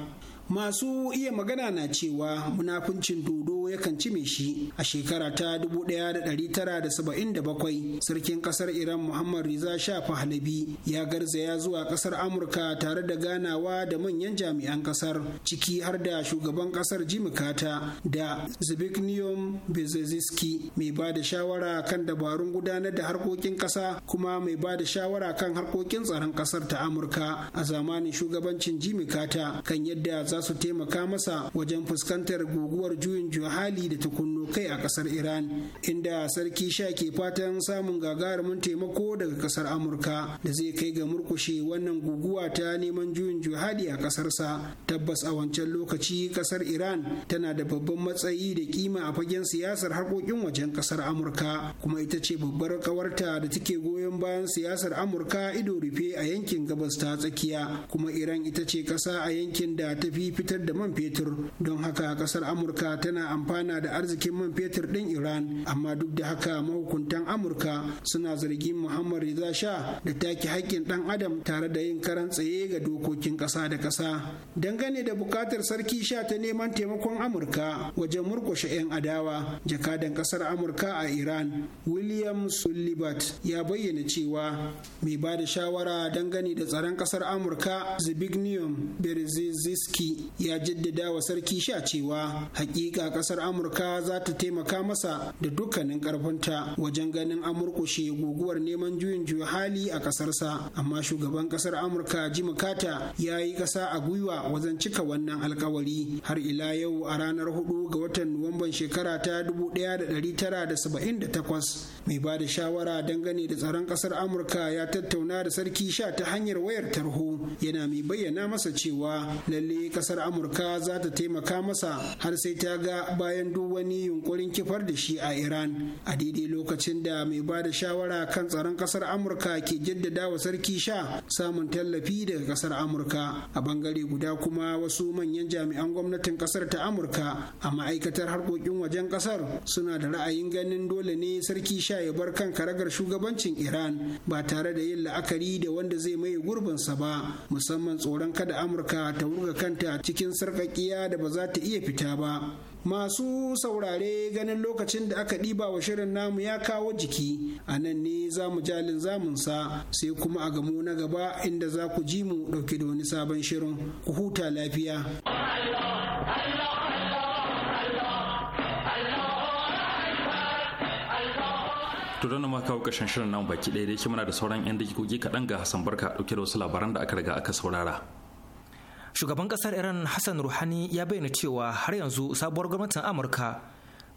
masu iya magana na cewa munafuncin dodo yakan ci shi a shekara ta 1977 sarkin kasar iran muhammad riza sha Halabi ya garzaya zuwa kasar amurka tare da ganawa da manyan jami'an kasar ciki har da shugaban kasar Jimikata da zbigniew bezeziski mai ba da shawara kan dabarun gudanar da harkokin kasa kuma mai ba da shawara kan harkokin tsaron kasar ta amurka a zamanin shugabancin Jimikata kan yadda za su taimaka masa wajen fuskantar guguwar juyin juhali da kunno kai a kasar iran inda sarki sha ke fatan samun gagarumin taimako daga kasar amurka da zai kai ga murkushe wannan guguwa ta neman juyin juhali a kasarsa tabbas a wancan lokaci kasar iran tana da babban matsayi da kima a fagen siyasar harkokin wajen kasar amurka kuma ita ce babbar kawarta da take goyon bayan siyasar amurka ido rufe a yankin gabas ta tsakiya kuma iran ita ce kasa a yankin da ta fi. fitar da man fetur don haka kasar amurka tana amfana da arzikin man fetur ɗin iran amma duk da haka mahukuntan amurka suna zargin muhammad reza sha da taki haƙƙin ɗan adam tare da yin karan tsaye ga dokokin ƙasa da ƙasa dangane da buƙatar sarki sha ta neman taimakon amurka wajen murƙushe 'yan adawa jakadan ƙasar amurka a iran william sullivan ya bayyana cewa mai ba da shawara dangane da tsaron ƙasar amurka zbigniew berzinski ya jaddada wa sarki sha cewa hakika kasar Amurka za ta taimaka masa da dukkanin karfinta wajen ganin amurkushe guguwar neman juyin juya hali a kasarsa amma shugaban kasar Amurka Jim kata ya yi kasa a gwiwa wajen cika wannan alkawari har ila yau a ranar hudu ga watan Nuwamban shekara ta 1978 mai ba da shawara dangane da tsaron kasar Amurka ya tattauna da sarki sha ta hanyar wayar tarho yana mai bayyana masa cewa lalle kasar amurka za ta taimaka masa har sai ta ga bayan duk wani yunkurin kifar da shi a iran a daidai lokacin da mai ba da shawara kan tsaron kasar amurka ke jaddada wa sarki sha samun tallafi daga kasar amurka a bangare guda kuma wasu manyan jami'an gwamnatin kasar ta amurka a ma'aikatar harkokin wajen kasar suna da ra'ayin ganin dole ne sarki sha ya bar kan karagar shugabancin iran ba tare da yin la'akari da wanda zai maye gurbinsa ba musamman tsoron kada amurka ta wurga kanta cikin sarƙaƙiya da ba za ta iya fita ba masu saurare ganin lokacin da aka ɗiba wa shirin namu ya kawo jiki a nan ne za mu jalin zamunsa sai kuma a gamo na gaba inda za ku ji mu ɗauki da wani sabon shirin ku huta lafiya to don ma kawo shirin namu baki ɗaya da yake muna da sauran 'yan dakikoki kaɗan ga Hassan Barka ɗauke da wasu labaran da aka riga aka saurara. shugaban kasar iran hassan ruhani ya bayyana cewa har yanzu sabuwar gwamnatin amurka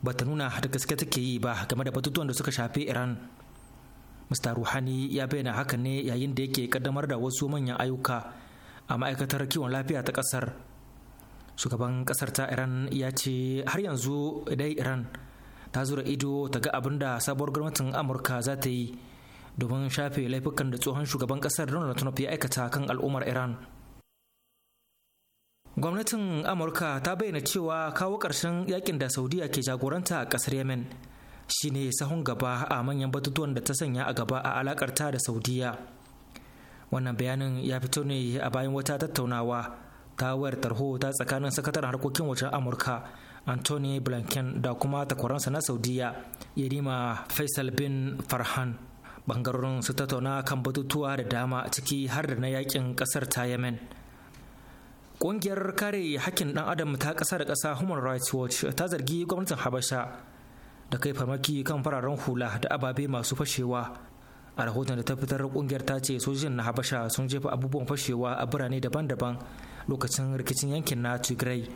ba ta nuna da gaske take yi ba game da batutuwan da suka shafi iran mr ruhani ya bayyana haka ne yayin da yake kaddamar da wasu manyan ayyuka a ma'aikatar kiwon lafiya ta kasar shugaban kasar ta iran ya ce har yanzu dai iran ta zura ido ta ga abin da sabuwar gwamnatin amurka za ta yi domin shafe laifukan da tsohon shugaban kasar donald trump ya aikata kan al'ummar iran gwamnatin amurka ta bayyana cewa kawo ƙarshen yakin da saudiya ke jagoranta a ƙasar yemen shine sahun gaba a manyan batutuwan da ta sanya a gaba a alakarta da saudiya wannan bayanin ya fito ne a bayan wata tattaunawa ta wayar tarho ta tsakanin sakataren harkokin wajen amurka anthony blinken da kuma takwaransa na saudiya yarima faisal bin farhan bangarorin su tattauna kan batutuwa da dama ciki har da na yakin kasar ta yemen Ƙungiyar kare hakkin ɗan adam ta ƙasa da ƙasa Human Rights Watch ta zargi gwamnatin Habasha da kai farmaki kan fararen hula da ababe masu fashewa. A rahoton da ta fitar ƙungiyar ta ce sojojin na Habasha sun jefa abubuwan fashewa a birane daban-daban lokacin rikicin yankin na Tigray.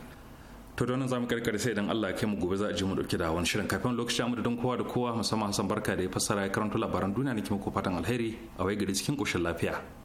To don za mu karkare sai idan Allah ya mu gobe za a je mu dauki da wani shirin kafin lokacin mu da don kowa da kowa musamman Hassan Barka da ya fassara ya karanto labaran duniya ne muku fatan alheri a wai gari cikin koshin lafiya.